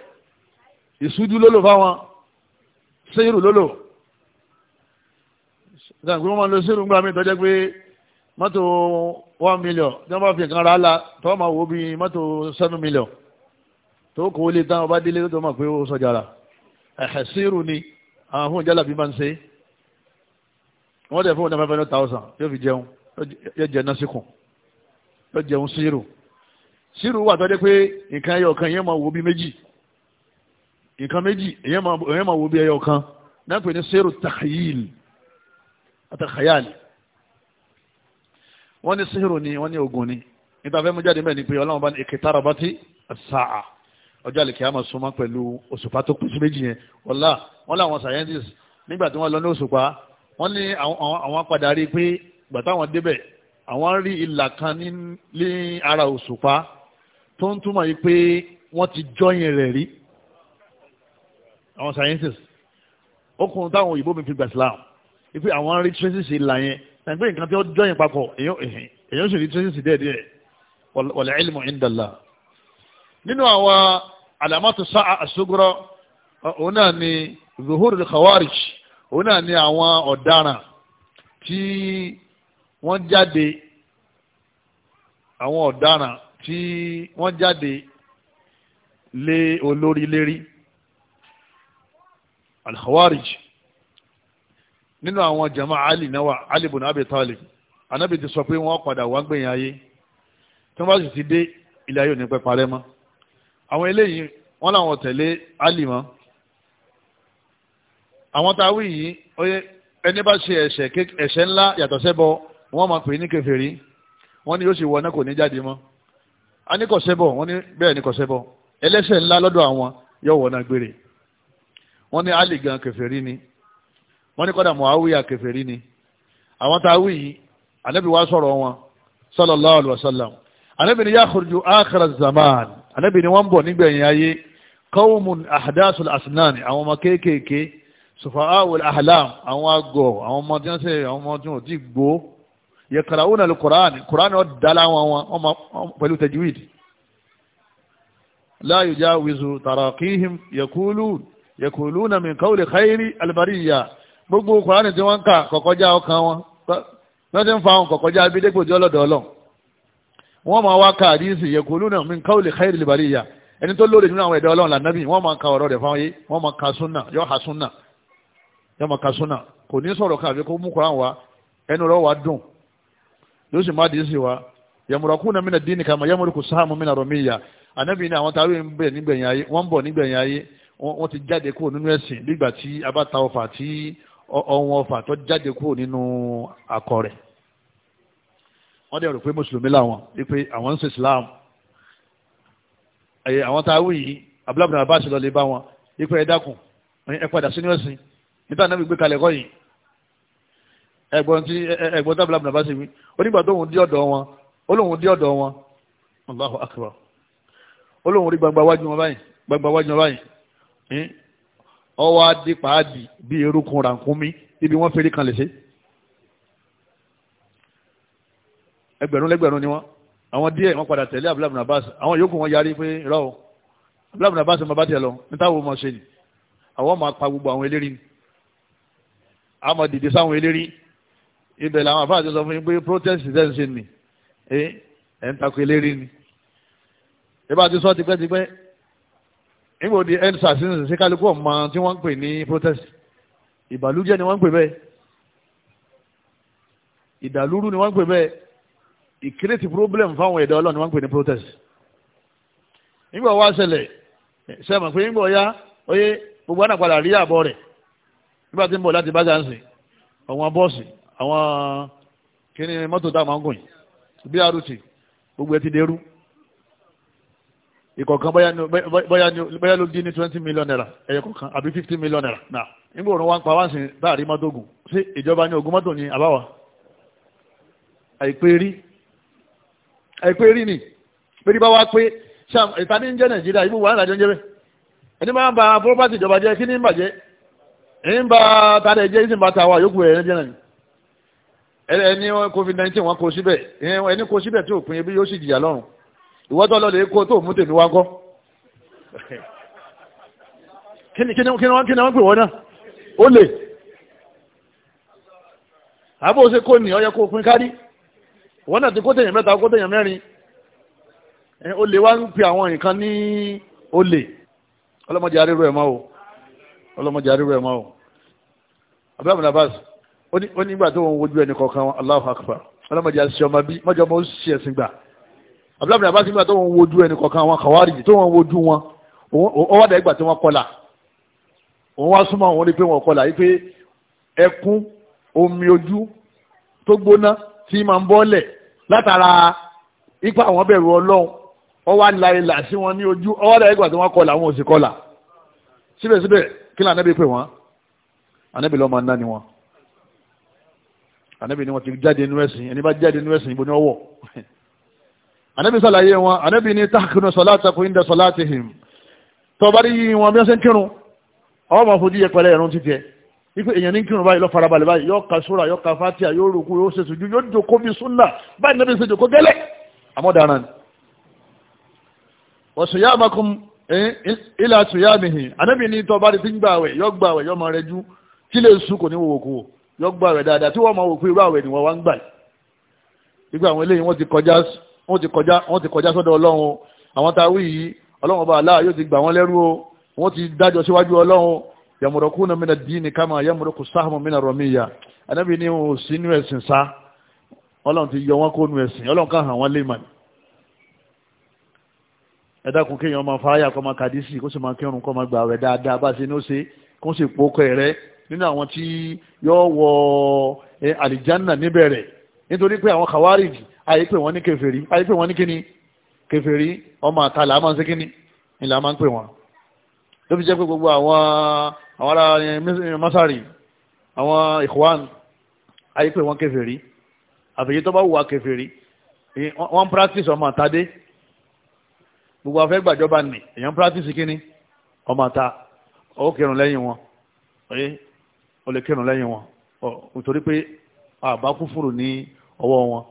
ìṣújú ló fáwọn sẹ́yìn ló ìdáhùn pé wọ́n máa lo sẹ́yìn gbà mí tọ́jú pé mọ́tò one million tí wọ́n bá fi nǹkan ra la tọ́ máa wo bí mọ́tò seven million tó kò lè tán ọba délé tó máa pé ó sọjà ra ẹ̀hẹ̀ sẹ́yìn ni àwọn fún jálàbí máa ń ṣe wọ́n dẹ̀ fún ọ̀nà five hundred thousand yóò fi jẹun yóò jẹ násìkò yóò jẹun sírù sírù wà tọ́jú pé nǹkan ẹyọ kan èèyàn máa wo bí méjì nǹkan méjì èèyàn máa wo bí ẹyọ kan náà pè ní sírù takhayil àtàkàyàlì wọ́n ní sírù ni wọ́n ní ogun ni níta mú jáde mẹ́rin ni pé ọlọ́run bá ní ìkẹtàrà bá ti sáà ọjọ́ àlèkè àmọ́ súnmọ́ pẹ̀lú òṣùpá tó kù sí méjì yẹn ọ̀la wọ́n láwọn scientists nígbà tí wọ́n lọ ní òṣùpá wọ́n ní àwọn padà rí i pé ìgbà táwọn débẹ̀ àwọn rí ìlà kan ní ara òṣùpá tó ń túmọ̀ yìí pé wọ́n ti jọyìn rẹ̀ rí àwọn scientists okùn táwọn òyìnbó mi fi gbà sílámù ipe àwọn rí traces ìlà yẹn nàgbé nǹkan tí ó jọyìn papọ̀ èèyàn sì rí traces díẹ̀díẹ̀ wal ilmu indallah nínú àwọn علامات الساعة asugurọ هنا náà ظهور الخوارج هنا òun náà ni àwọn ọ̀daràn tí wọ́n jáde àwọn ọ̀daràn tí wọ́n jáde lé olórí lérí al-khawarij nínú àwọn jama ali náwà ali bùnà abi talib anabi ti sọ pé wọ́n padà wá gbẹ̀yìn ayé tí wọ́n bá sì ti dé ilé ayé ò ní pẹ́ parẹ́ mọ́ àwọn eléyìí wọ́n làwọn tẹ̀lé Ali mọ́ àwọn tá a wí yìí oye ẹni bá ṣe ẹ̀ṣẹ̀ ẹ̀ṣẹ̀ ńlá yàtọ̀ sẹ́bọ wọ́n máa pè ní kèfèrí wọ́n ní yóò ṣe wọ náà kò ní jáde mọ́ a wọ́n ní bẹ́ẹ̀ ni kò sẹ́bọ ẹlẹ́ṣẹ̀ ńlá lọ́dọ̀ àwọn yóò wọ náà gbére wọ́n ní Ali gan kèfèrí ni wọ́n ní kọ́dà Muawiya kèfèrí ni àwọn tá a wí yìí Ànábì wa sọ̀rọ̀ wọn sallallahu alaihi wasallam Ànábì ni yakhruju akhir az-zaman anábì ni wọ́n ń bọ̀ nígbẹ̀yìn ayé kawmun ahdasul asnan àwọn ọmọ kéékèèké sufa'ul ahlam àwọn agọ̀ àwọn ọmọ tí wọ́n ṣe àwọn ọmọ tí wọ́n ti gbó yaqra'una al-Qur'an Qur'an ọ̀ dá láwọn wọn pẹ̀lú tajwid la yujawizu taraqihim yaqulun yaquluna min qawli khayri al-bariyya gbogbo Qur'an tí wọ́n ń kà kọ̀kọ́já ọkàn wọn wọ́n máa wá ká àdíyèsí yaquluna min qawli khairil bariyya ẹni tó lóore nínú àwọn ẹ̀dá ọlọ́run lànàbí wọ́n máa ka ọ̀rọ̀ rẹ̀ fáwọn yé wọ́n máa ka súnà yọ ha súnà yọ máa ka súnà kò ní sọ̀rọ̀ káàbí kó mú kuran wa ẹnu rẹ̀ wá dùn yóò sì má àdíyèsí wa yamurakuna mina dini kama yamuruku sahamu mina romiya anabi ni àwọn wọ́n dẹ̀ rò pé mùsùlùmí làwọn wípé àwọn ń ṣe islam ẹ̀yẹ àwọn tá a wù yìí abúlábùnà bá ṣe lọ lè bá wọn wípé ẹ dákun ẹ padà sínú ẹ̀sìn níta náà gbé kalẹ̀ kọ́ yìí ẹ̀gbọ́n tí ẹ̀gbọ́n tábìlà bùnà bá ṣe wí onígbà tó òun dí ọ̀dọ̀ wọn ó lóun dí ọ̀dọ̀ wọn Allahu akbar ó lóun rí gbangba wájú wọn báyìí gbangba wájú wọn báyìí ọwọ́ adé pàádì bíi erékùn rànkúnmí ibi wọ́n fẹ́rẹ́ kan lè ṣe ẹgbẹ̀rún lẹ́gbẹ̀rún ni wọ́n àwọn díẹ̀ wọ́n padà tẹ̀lé abúlábùn abbas àwọn yòókù wọn yarí pé irọ́ o abúlábùn abbas ma bá tiẹ̀ lọ nítawọ̀ mọ̀ ṣe ni àwọn máa pa gbogbo àwọn eléré ni a máa dìde sáwọn eléré ibẹ̀ làwọn àfáà ti sọ fún yín pé protest dẹ́n ṣe ni ẹ̀ ń takò eléré ni ibà ti sọ tipẹ́tipẹ́ nígbà òdi end sars ní ṣe kálukú ọ̀ma tí wọ́n ń pè ní protest ìbàlújẹ́ ni wọ́n ń pè bẹ́ẹ̀ ìdàlúrú ni wọ́n ìkírètì problem fáwọn ẹ̀dá ọlọ́run wọ́n ń pè ní protest nígbà wá ṣẹlẹ̀ sẹ́mọ̀ pé nígbà ọ̀yá oyè gbogbo àná padà rí àbọ̀ rẹ̀ nígbà tí ń bọ̀ láti bájánsì àwọn bọ́ọ̀sì àwọn kíní mọ́tò tá a máa ń gùn yìí BRT gbogbo ẹ ti dẹrú ìkọ̀kan bóyá ló dín ní twenty million naira ẹ̀yẹ kọ̀kan àbí fifty million naira Na nígbà òun wá ń pa wá ń sìn láàrin mọ́tò gùn sí ìjọba ní ogún mọ́tò ní àbáwá àìpé rí àìpé rí ni pérí bá wá pé sam ìta ní jẹ́ nàìjíríà ibú wà nílàjọ́ ń jẹ́ bẹ́ ẹni máa ń ba pọ́pátì ìjọba jẹ́ kí ní ń covid-19 wọn kó ẹni kó ebi yóò sì jìyà tó mú tèmi wá kọ́ kí ni wọ́n pè wọ́n náà ó lè àbò ṣe kó kó wọ́n náà ti kó tèèyàn mẹ́ta kó tèèyàn mẹ́rin olè wá ń pe àwọn nǹkan ní olè ọlọ́mọdé arírò ẹ̀ máa o ọlọ́mọdé arírò ẹ̀ máa o abdulhamid labas ó nígbà tó ń wojú ẹnì kọ̀ọ̀kan Allahu Akbar ọlọ́mọdé àṣìṣe ọmọ bí mọ́jọ́ mọ́ ṣe ẹ̀sìn gbà abdulhamid labas nígbà tó ń wojú ẹnì kọ̀ọ̀kan àwọn kàwárì tó ń wojú wọn ọwọ́dà ìgbà tí wọ́n kọlà òun wá súnmọ́ òun rí pé wọ́n kọlà yìí pé ẹkún omi ojú tó gbóná tí máa ń bọ́lẹ̀ látara ipa àwọn bẹ̀rù ọlọ́run wọ́n wá la ilà sí wọn ní ojú ọwọ́ dàgbé ìgbà tí wọ́n kọlà àwọn òsì kọlà síbẹ̀síbẹ̀ kí ni ànábì pè wọ́n ànábì lọ́ọ́ máa ń ná ni wọn ànábì ni wọ́n ti jáde inú ẹ̀sìn ẹni bá jáde inú ẹ̀sìn ibo ni ọwọ́ ànábì sàlàyé wọn ànábì ní táàkùnú sọláàtà kò ń dẹ sọláàtì hìm tọ́ba rí wọn bí wọ́n ṣe ń kírun ọwọ́ máa fojú yẹpẹrẹ ẹ̀rún títí ẹ̀ wípé èèyàn ní kírun báyìí lọ farabalẹ̀ báyìí yóò ka sóra yóò ka fatia yóò rúkú yóò ṣe sùjú yóò jòkó bí súnà báyìí nàbí ṣe jòkó gẹ́lẹ́ àmọ́dáran ni. wọ́n sòyá àmàkùn ilà sòyá mihì ànábì ní tọ́ bá ti ń gbà wẹ̀ yóò gbà wẹ̀ yóò máa rẹ jú kí lè sùn kò ní wò kú yóò gbà wẹ̀ dáadáa tí wọ́n máa wò kú irú àwẹ̀ ni wọ́n wá ń gbà. ìgbà àwọn eléyìí wọ́n ti kọjá wọ́n ti kọjá sọ́dọ̀ ọlọ́run àwọn táwí yìí ọlọ́run Yamurakuna mìíràn dínì kama yàmùrọ̀kú sáhàmù mìíràn rọ̀míyà anábì ní o sí inú ẹ̀sìn sá ọlọ́run ti yọ wọn kó nu ẹ̀sìn ọlọ́run kan hàn wọ́n lè mà ní. ẹ dákun kéèyàn máa fa àyà kọ́ máa kàdísì kó sì máa kírun kọ́ máa gbà rẹ̀ dáadáa bá ṣe ní ó ṣe kó sì po ọkọ rẹ̀ nínú àwọn tí yóò wọ àlìjánà níbẹ̀rẹ̀ nítorí pé àwọn kàwárìjì àyè pé wọ́n ní kèfèrí àyè pé wọ́n ní kíni kèfèrí ọmọ àtàlà máa ń ṣe kíni ìlà máa ń pè wọ́n ló fi jẹ́ pé gbogbo àwọn àwọn ará masari àwọn ikhwan ayé pé wọ́n kèfèrí àfẹ́yí tó bá wùwà kèfèrí wọ́n practice ọmọ àtàdé gbogbo afẹ́ gbàjọba nì èyàn practice kíní ọmọ àta ó kírun lẹ́yìn wọn ẹ ó lè kírun lẹ́yìn wọn nítorí pé àbá kúfùrù ní ọwọ́ wọn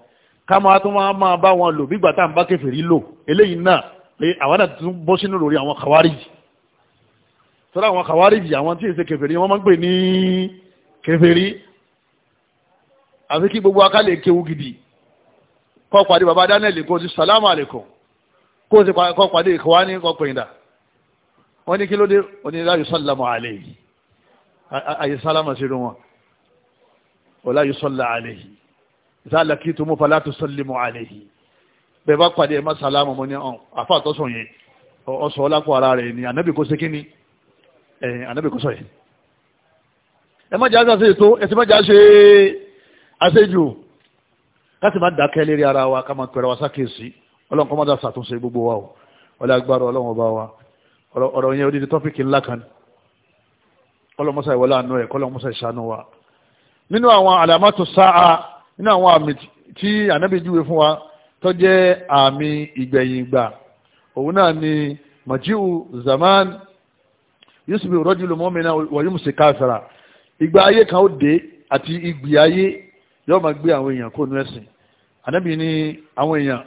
ká máa tún máa bá wọn lò bí gbàtà ń bá kèfèrí lò eléyìí náà àwọn náà tún bọ́ sínú lórí àwọn kàwárìjì sọ́dọ̀ àwọn kàwárìjì àwọn tí èsè kèfèrí wọ́n máa ń pè ní kèfèrí àfi kí gbogbo akálẹ̀ kéwu gidi kọ́ pàdé baba daniel kó o ti salamu alaykum kó ti kọ́ pàdé ìkọ́wá ní kọ́ wọ́n ní kí ló dé onílá yóò sọ́lámù àlèyí bẹ́ẹ̀ bá pàdé ẹ̀ má sálámù mọ́ ní àfàtọ́sọ̀ yẹn ọ̀sọ̀ ọlápọ̀ ara rẹ̀ ni ànábì kó ṣe kíní ànábì kò sọ yẹ ẹ má jẹ́ àṣàṣe ètò ẹ ti má jẹ́ àṣe àṣejù láti má dákẹ́ lérí ara wa ká máa pẹ̀rẹ̀ wa sákèsí ọlọ́run kọ́ má dá ṣàtúnṣe gbogbo wa o ọlọ́run agbára ọlọ́run ọba wa ọ̀rọ̀ yẹn odidi tọ́pìkì ńlá kan ọlọ́run mọ́sá ìwọlá àánú ẹ̀ kọ́lọ́run mọ́sá ìṣàánú wa nínú àwọn àlàmátù sáà nínú àwọn àmì tí ànábì júwe fún wa tó jẹ́ àmì ìgbẹ̀yìn ìgbà òun náà ni màjíù zaman yusufu rọ́jùlù mọ́mìnà wọ̀nyúmùsì káfíra ìgbà ayé kan ó dé àti ìgbì ayé yóò máa gbé àwọn èèyàn kó nu ẹ̀sìn ànábì ní àwọn èèyàn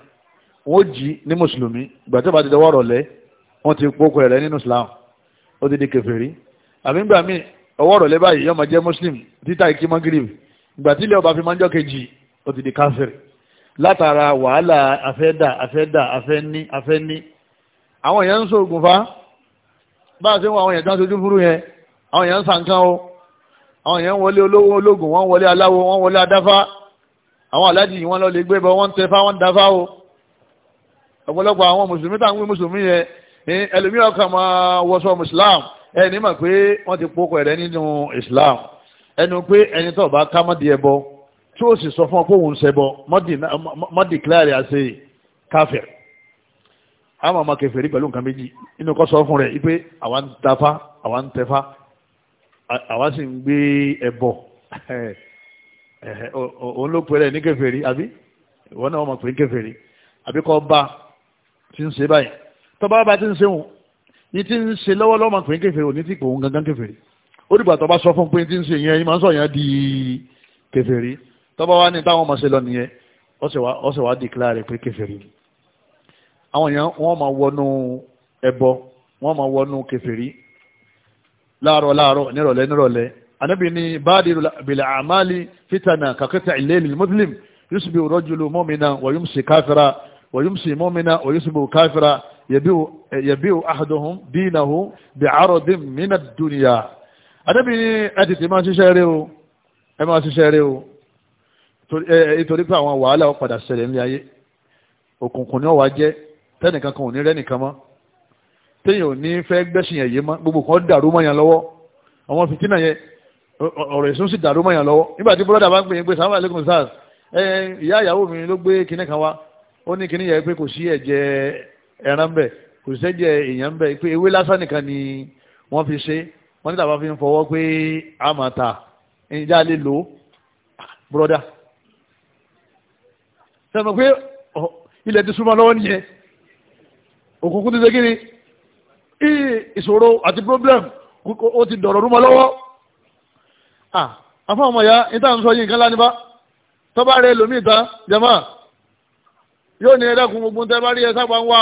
wọ́n jí ní mùsùlùmí ìgbà tó bá ti dọwọ́ rọ̀lẹ́ wọ́n ti pókò rẹ̀ nínú islam ó ti di kèfèrí àbí ńgbà míì ọwọ́ rọ̀lẹ́ báyìí yóò máa jẹ́ muslim títà ìkí magrib ìgbà tí ilẹ̀ ọba fi máa ń jọ́ kejì ó ti di káfíìrì látara wàhálà afẹ́dà afẹ́dà afẹ́ní afẹ́ní àwọn èèyàn ń sọ ògùnfà bá a ṣe ń wọ àwọn èèyàn dán sojú fúru yẹn àwọn èèyàn ń sàǹkan o àwọn èèyàn ń wọlé olówó ológun wọ́n wọlé aláwo wọ́n wọlé adáfá àwọn aláàjì yìí wọ́n lọ lè gbé bọ wọ́n ń tẹfá wọ́n ń dáfá o ọ̀pọ̀lọpọ̀ àwọn mùsùlùmí táwọn wí mùsùlùmí yẹn ẹlòmíràn kan máa wọṣọ mùsùlùmí ẹni mọ̀ pé wọ́n ti pokọ̀ rẹ̀ nínú Islam ẹnu pé ẹni tó bá ká mọ́dí ẹbọ tí ó sì sọ fún ọ pé òun ṣẹbọ mọ́dí kíláàrí àṣẹ káfíà àwọn ọmọ kèfèrí pẹ̀lú nǹkan méjì inú kọ́ sọ fún rẹ̀ wípé àwa ń tafá àwa ń tẹfá àwa sì ń gbé ẹbọ òun ló pẹ̀lẹ́ ní kèfèrí àbí ìwọ náà mọ̀ pé kèfèrí àbí kọ́ bá ti ń ṣe báyìí tọ́ba bá ti ń ṣe wọn ní ti ń ṣe lọ́wọ́lọ́wọ́ mọ̀ pé kèfèrí òní ti pò ń gangan kèfèrí ó dìgbà tọ́ba sọ fún pé ti ń ṣe yẹn yín máa ń sọ yẹn di kèfèrí tọ́ba wá ní táwọn ọmọ ṣe lọ nìyẹn ọ̀sẹ̀ àwọn èèyàn wọ́n máa wọnú ẹbọ wọ́n máa wọnú kèfèrí láàárọ̀ láàárọ̀ nírọ̀lẹ́ nírọ̀lẹ́ anábì ní báàdìrú bìlà àmàlì fìtànà kàkẹ́tà ìlẹ́lì muslim yusufu rọ́jùlù mọ́mìnà wọ̀yúmsì káfíra wọ̀yúmsì mọ́mìnà wọ̀yúsùbù káfíra yẹ̀bíu ahaduhum dínàhù bí àròdín mìnà dúnìyà anábì ní ẹ tètè máa ṣiṣẹ́ rẹ o ẹ máa ṣiṣẹ́ rẹ o ìtorí pé àwọn wàhálà ó padà ṣẹlẹ̀ ní ayé òkùnkùn ni ó wá jẹ́ tẹ́nìkan kan ò ní rẹ́nìkan mọ́ téèyàn ò ní fẹ́ gbẹ́sìn ẹ̀yẹ mọ́ gbogbo kan dàrú mọ́ yàn lọ́wọ́ àwọn fìtínà yẹn ọ̀rọ̀ ìsún sì dàrú mọ́ yàn lọ́wọ́ nígbà tí bọ́lá bá ń gbìyànjú pé sàmúlà lẹ́kùn sars ìyá ìyàwó mi ló gbé kinní kan wá ó ní kinní yẹn pé kò sí ẹ̀jẹ̀ ẹran bẹ̀ kò sí ẹ̀jẹ̀ èèyàn bẹ̀ pé ewé lásán nìkan ni wọ́n fi ṣe wọ́n ní tàbá fi ń fọwọ́ pé a máa ta ìjà lè lò ó ilẹ̀ ti súnmọ́ lọ́wọ́ nìyẹn òkùnkùn ti ṣe kí ni ìṣòro àti problem ó ti dọ̀rọ̀ rúmọ lọ́wọ́ àfọ ọmọ ìyá níta ń sọ yìí nǹkan lánibá tọ́ba rẹ lómi ìta jama yóò ní ẹ̀dẹ́kun gbogbo tẹ́ bá rí ẹ sábà ń wá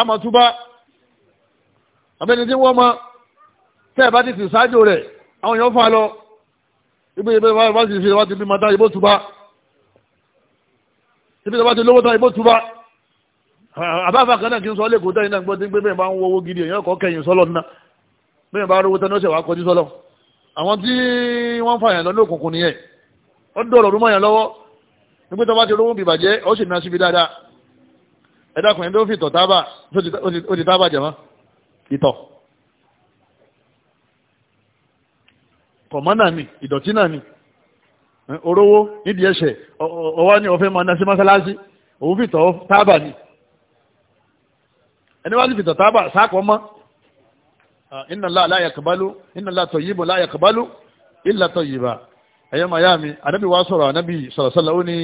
àmọ̀túbá àbẹ́ni tí wọ́n mọ tẹ́ ẹ bá ti sì ṣáájú rẹ̀ àwọn èèyàn fà lọ ibi ìbẹ́ bá ti fi wá bí mata ìbò túbá ibi ìbá ti lówó tán ìbò túbá àbáfà kan náà kí n sọ lẹ́kọ̀ọ́ tẹ́yìn náà gbọ́ tí ń gbé bẹ́ẹ̀ bá ń wọ́wọ́ gidi èèyàn kọ́ kẹyìn sọ́lọ́ ńná bẹ́ẹ̀ bá rówó tẹ́lẹ̀ ọ̀sẹ̀ wàá kọjú sọ́lọ́ àwọn tí wọ́n fàyàn lọ lókùnkùn nìyẹn ó dọ̀rọ̀ rúmọ̀ yàn lọ́wọ́ nígbà tó bá ti rówó bìbàjẹ́ ó sì ná síbi dáadáa ẹ dákùnrin tó fi tọ̀ tábà ó ti tábà jẹ̀mọ́ ìtọ̀ kọ̀mọ́nà ni ìdọ̀tí ẹni wá sí fi tọ̀tà bà sáàkọ̀ mọ́ ah, inna Allah la yaqbalu inna Allah tayyibu la yaqbalu illa tayyiba ẹ̀yọ́ mayami anábì wá sọ̀rọ̀ anábì sọ̀rọ̀sọ̀lọ̀ ó ní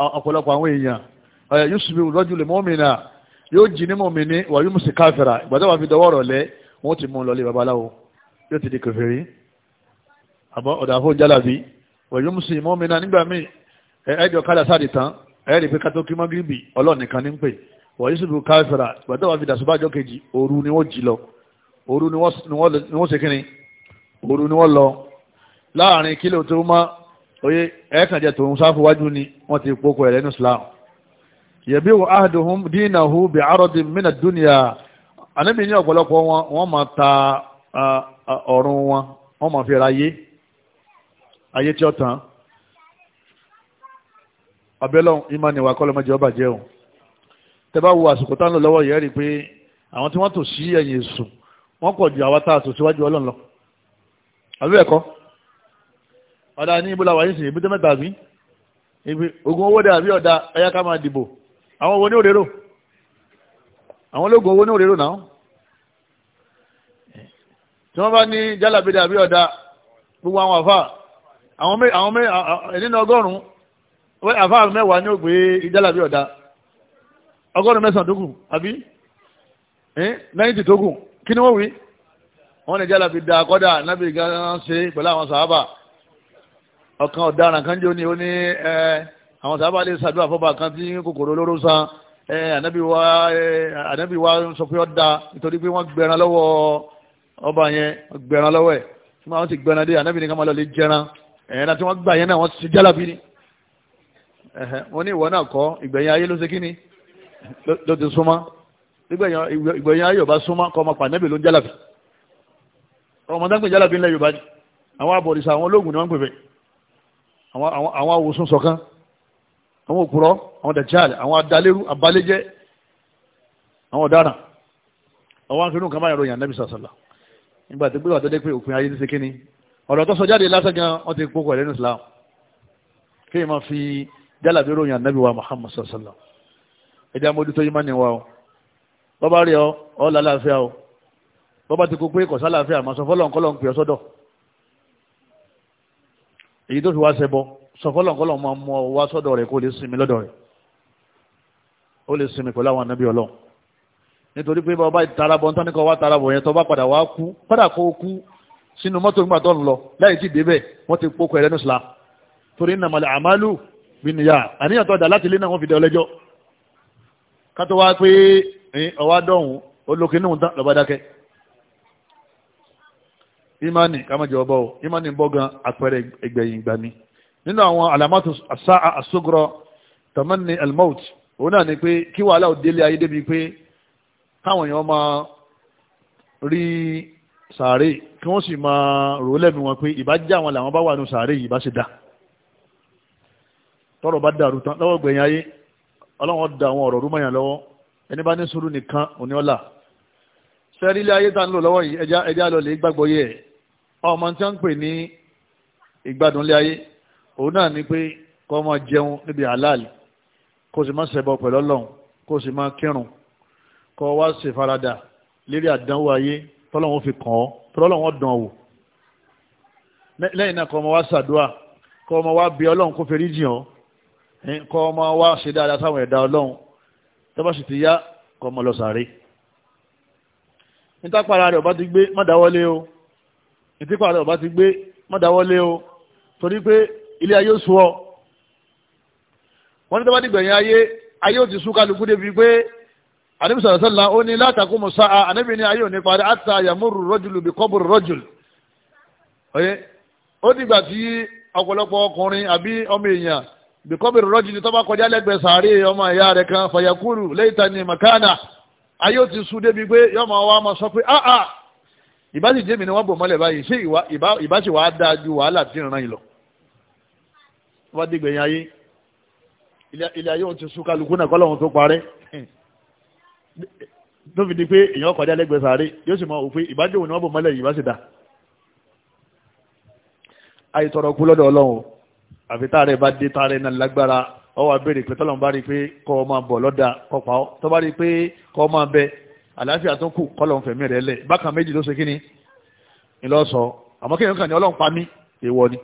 ah, ọ̀pọ̀lọpọ̀ àwọn èèyàn ọ̀yà ah, yusufu rajul mu'mina yóò jí ní mu'mini wà yóò sì káfíra ìgbàdá wà fi dọwọ́ rọ̀ lẹ́ wọ́n ti mú un lọlé babaláwo yóò ti di kèfèrí àbọ̀ ọ̀dà àfọ̀ jálàbí wà yóò sì mu'mina nígbà míì ẹ̀ẹ́dì ọ̀kadà sáà wọ́n isu káfíra gbàtọ́ wà fi dàsúbàjọ́ kejì òru ni wọ́n jí lọ ni wọ́n ni wọ́n lọ láàrin kílò tó má oyé ẹ̀ẹ́kànjẹ tòun sáfúwájú ni wọ́n ti pokò ẹ̀rẹ́ ní islam yẹ̀bí wọ́n áhàdùhún bi bí àròdì mínà dúnìyà anábì ní ọ̀pọ̀lọpọ̀ wọn wọ́n máa ta ọ̀run wọn wọ́n máa fi ra ayé ayé tí òun tẹ́bá wo àsìkò tánà lọ́wọ́ yẹ́ rí pé àwọn tí wọ́n tò sí ẹ̀yìn èṣù wọ́n pọ̀ ju àwa tá a tò síwájú ọlọ́run lọ àbí ẹ̀kọ́ ọ̀dà ní ibùdó àwọn yìí ibùdó mẹ́ta àbí ibi ogun owó dẹ àbí ọ̀dà ẹ̀yà ká máa dìbò àwọn owó ní òrérò àwọn ológun owó ní òrérò náà tí wọ́n bá ní jálàbídé àbí ọ̀dà gbogbo àwọn àfà àwọn mẹ́ àwọn mẹ́ ẹ̀nínú ọgọ́rùn-ún àfà mẹ́wàá ní ògbé ọgọ́rùn mẹ́sàn-án tó kù àbí náírà tó kù kí ni wọ́n wí wọ́n lè jálàbí da kọ́dà nábì gánà ṣe pẹ̀lú àwọn sàábà ọ̀kan ọ̀daràn kan jẹ́ ní ó ní àwọn sàábà lè ṣàdúrà fọ́ba kan tí kòkòrò olóró san ànábì wa ànábì wa sọ pé ó da nítorí pé wọ́n gbẹran lọ́wọ́ ọba yẹn gbẹran lọ́wọ́ ẹ̀ tí wọ́n ti gbẹran dé ànábì nìkan máa lọ lè jẹran ẹ̀yẹn náà tí wọ́n gbà yẹn náà wọ́n ti jálàbí ni wọ́n ní ìwọ náà kọ́ ìgbẹ̀yìn ayé ló ṣe kí ni ló ti súnmọ́ ìgbẹ̀yìn ayọ̀ bá súnmọ́ kọ́ ọmọ pàdánù ló ń jálàbí ọmọ dáńgbè jálàbí ńlẹ̀ Yorùbá ni àwọn abọ̀rìṣà àwọn ológun ni wọ́n ń pèpè àwọn awòsùn sọ̀kan àwọn òkúrọ̀ àwọn dàjáàlì àwọn adalérú abalẹ́jẹ́ àwọn ọ̀daràn àwọn akínú kan báyìí ròyìn ànábì sàṣàlà nígbà tí gbéwà tó dé pé òpin ayé ti ṣe kíni ọ̀rọ̀ tó sọ jáde lásán gan wọ́n ti kókò ẹ̀lẹ́nu Islam kí n máa fi jálàbí ròyìn ànábì wa Muhammad sàṣàlà ẹjẹ́ amójútó yìí má ní wa o bọ́bá rí ọ ọ lálàáfíà o bọ́bá ti kú pé kọ̀sá làáfíà mà sọ fọ́lọ̀ ńkọ́lọ̀ ń pè ọ sọ́dọ̀ èyí tó fi wá ṣẹbọ sọ fọ́lọ̀ ńkọ́lọ̀ máa mú ọ wá sọ́dọ̀ rẹ̀ kó lè sinmi lọ́dọ̀ rẹ̀ ó lè sinmi pẹ̀lú àwọn anábì ọlọ́run nítorí pé bọ́bá ìtarabọ̀ ń tọ́ni kọ́ wá tarabọ̀ yẹn tó bá padà wá kú padà kó kú sínú mọ́tò nígbà tó ń lọ láì tí débẹ̀ wọ́n ti pokò ẹ̀rẹ́nu sùlá torí nàmàlẹ̀ àmàlù bìnnìyà àníyàn tó dà láti ilé náà wọ́n fi dẹ́ ọlẹ́jọ́ kátó wá pé ọwá dọ̀hún olókè níhùn tán lọ́ba dákẹ́ imani kámájọ ọba o imani ń bọ́ gan àpẹẹrẹ ẹgbẹ̀yìn ìgbà ni nínú àwọn alamatu asaa asogorọ tamani almout òun náà ni pé kí wàhálà ò délé ayé débi pé káwọn èèyàn máa rí sàárè kí wọ́n sì máa rò lẹ́nu wọn pé ìbájá àwọn làwọn bá wà nù sàárè yìí bá ṣe dá tọ́rọ̀ bá dàrú tán lọ́wọ́ gbẹ̀yìn ayé ọlọ́run da àwọn ọ̀rọ̀ rúmọ̀yàn lọ́wọ́ ẹni bá ní sùúrù nìkan òní ọ̀la sẹ́rí ilé ayé tá ń lò lọ́wọ́ yìí ẹja ẹja lọ lè gbàgbọ́ yẹ ọmọ tí wọ́n ń pè ní ìgbádùn ayé òun náà ni pé kó máa jẹun níbi àlàálì kó sì máa ṣẹbọ pẹ̀lú ọlọ́run kó sì máa kírun kó wá ṣe faradà lérí àdánwò ayé tọ́lọ́run fi kàn ọ́ tọ́lọ́run ọ̀dàn wò lẹ́yìn náà kó máa wá ṣàdúrà kó máa wá bí ọlọ́run kó fẹ́rí jìn ọ́ nǹkan ọmọ wa ṣe dáadáa sáwọn ẹ̀dá ọlọ́run tó bá sì ti yá kọ́ ọmọ lọ sàárè nítàpàrà rẹ̀ ọba ti gbé má dáwọ́lé o nítàpàrà rẹ̀ ọba ti gbé má dáwọ́lé o torí pé ilé ayé sùn ọ wọ́n ní tó bá dìgbẹ̀yìn ayé ayé ò ti sún kálukú débi pé ànábì sallallahu alaihi wasallam ó ní látàkùn musa ànábì ní ayé ò ní parí àtà yàmúrù rọ́jùlù bí kọ́bùrù rọ́jùlù ó dìgbà tí ọ̀pọ̀lọpọ̀ ọkùnrin àbí ọmọ èèyàn bìkọ́bì rọ́jì ni tọ́ba kọjá lẹ́gbẹ̀ẹ́ sàárè ọmọ ìyá rẹ̀ kan fàyàkúrù lẹ́yìntà ni makana ayé ò ti sùn débi pé yọmọ wa máa sọ pé ah ah ìbáṣì jẹ́mi ni wọ́n bò mọ́lẹ̀ báyìí ṣé ìbáṣì wàá dáa ju wàhálà tí ń ran yìí lọ. wọ́n dìgbẹ̀ yẹn ayé ilé ayé ò ti sùn kálukú náà kọ́lọ́hún tó parẹ́ tó fi di pé èèyàn kọjá lẹ́gbẹ̀ẹ́ sàárè yóò sì mọ òfin ìbájòwò ni wọ́n bò mọ́lẹ̀ àfi táàrẹ bá dé táàrẹ náà lágbára ọ wà béèrè pé tọ́lọ́n bá rí pé kọ́ ọ máa bọ̀ lọ́dà kọpa ọ tọ́ bá rí pé kọ́ ọ máa bẹ àlàáfíà tó kù kọ́ lọ́n fẹ̀mí rẹ̀ lẹ̀ bákan méjì ló ṣe kí ni ńlọ́sọ àmọ́ kéèyàn kàn ní ọlọ́run pa mí èèwọ̀ ni.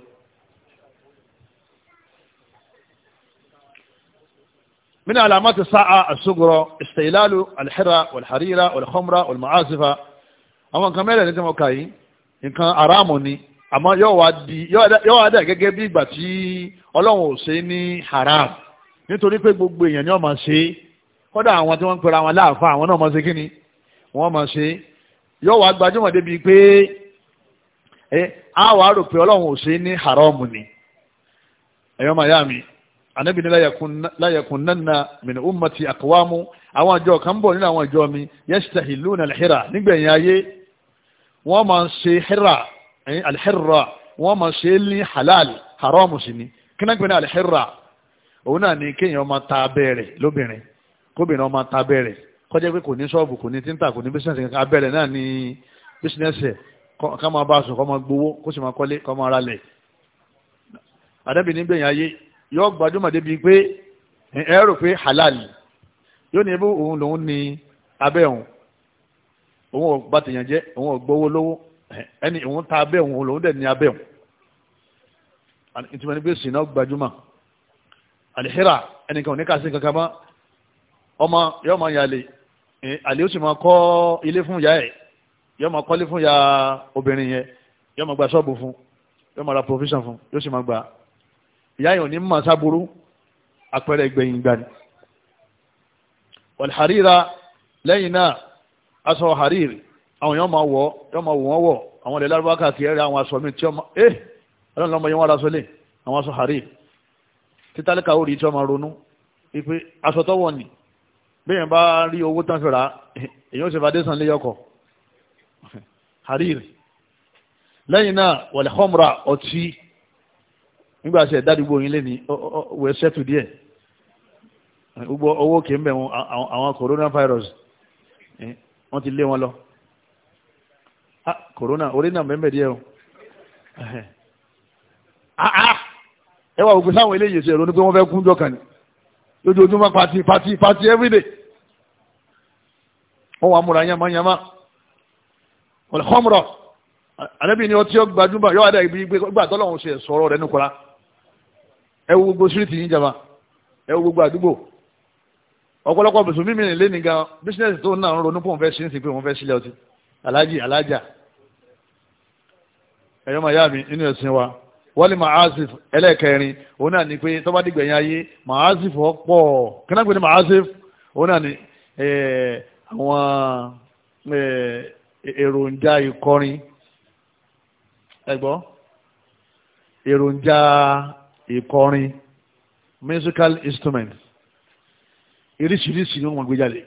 من علامات الساعة الصغرى استيلال الحرة والحريرة والخمرة والمعازفة أما كمالة نتمو كاي إن كان أرامني àmọ́ yóò wá di yóò wá dà gẹ́gẹ́ bí ìgbà tí ọlọ́run ò ṣe ní haram nítorí pé gbogbo èèyàn ni wọ́n máa ṣe kódà àwọn tí wọ́n ń pera wọn láàfáà àwọn náà máa ṣe kíni wọ́n máa ṣe yóò wá gbajúmọ̀ débi pé ẹ á wà á rò pé ọlọ́run ò ṣe ní haram ni ẹ̀yọ́ máa yá mi ànábì ní láyẹ̀kùn nánà min ummati aqwamu àwọn àjọ kan bọ̀ nínú àwọn àjọ mi yastahiluna al-hira nígbẹ̀yìn ayé wọ́n máa ń ṣe hira alḥirra wọ́n máa ṣe é ní halal haram sí ni kí náà ń pè ní alḥirra òun náà ni kéèyàn máa ta abẹ́rẹ́ lóbìnrin kóbìnrin máa ta abẹ́rẹ́ kọjá pé kò ní ṣọ́ọ̀bù kò ní tíńtà kò ní bísíǹsì kankan abẹ́rẹ́ náà ni bísíǹsì ẹ̀ ká máa bá a sùn kó máa gbowó kó sì máa kọ́lé kó máa ra lẹ̀ gbẹ̀yìn ayé yóò gbajúmọ̀ débi pé ẹ rò pé halal yóò ní ebú òun lòun ni abẹ́ òun òun ò bá tèèyàn jẹ́ òun ò gbowó lówó ẹni òun ta taa bɛ lòun dẹ̀ ní abẹ́ òun ìtumọ̀ ní pé sinna gbajúmọ̀ àlìhírà kankan ma ọmọ yọọ ma yàlè àlè ó sì ilé fún ìyá ẹ̀ yóò máa kọ́lé fún ìyá obìnrin gba ṣọ́ọ̀bù fún ra fún sì gba ìyá yẹn ò ní máa sábúrú gbani àwọn èèyàn máa wọ̀ yọ́ máa wò wọ́n wọ̀ àwọn ilẹ̀ lárúbá káàkiri ẹ̀rẹ́ àwọn aṣọ mi tí ọmọ ẹ́ eh! ọlọ́run lọ́mọ yẹn wọ́n aṣọ lè àwọn aṣọ hàrí títàlẹ́kà ó rí tí ọmọ ronú ipe aṣọ tọ́wọ̀ nì bẹ́ẹ̀ bá rí owó tán fẹ́ra èèyàn ṣe fàdé sàn lé yọkọ̀ hàrí lẹ́yìn náà wọ̀lẹ̀ khamra ọtí nígbà tí ẹ̀dá àdúgbò yín lé ní wẹ̀ ṣẹ́tù díẹ̀ gbogbo owó kì í bẹ̀ wọn àwọn coronavirus eh, wọ́n ti lé wọn lọ Ah, corona orí náà mẹ́mẹ́ díẹ̀ o ah, ah. ẹ wà ògbé sáwọn eléyìí ṣe ìrònú pé wọ́n fẹ́ kún jọ kàn ní lójoojúmọ́ pati pati pati everyday wọ́n wà múra yamayama wọ́n lè xọ́mùrọ̀ àdébí ni ọtí gbajúmọ̀ yọ adé ibi gbà tọ́lọ̀ ń ṣe sọ̀rọ̀ rẹ̀ nìkọ́lá ẹ wo gbogbo síríìtì yín jama ẹ wo gbogbo àdúgbò ọ̀pọ̀lọpọ̀ bùsùn mímìrìn lé nìkan bísíǹnẹ̀sì tó ń náà ń ronú pé òun fẹ́ sí ń sìn pé òun fẹ́ sílẹ̀ ọtí alájì alájà ẹ̀yọ́ mayami inú ẹ̀sìn wa wọ́n lè ma'azif ẹlẹ́ẹ̀kẹrin òun náà ni pé tó bá dìgbẹ̀yìn ayé ma'azif ọ̀pọ̀ kínágbé ni ma'azif òun náà ni àwọn èròjà ìkọrin ẹgbọ́ èròjà ìkọrin musical instrument oríṣiríṣi ni wọ́n gbé jáde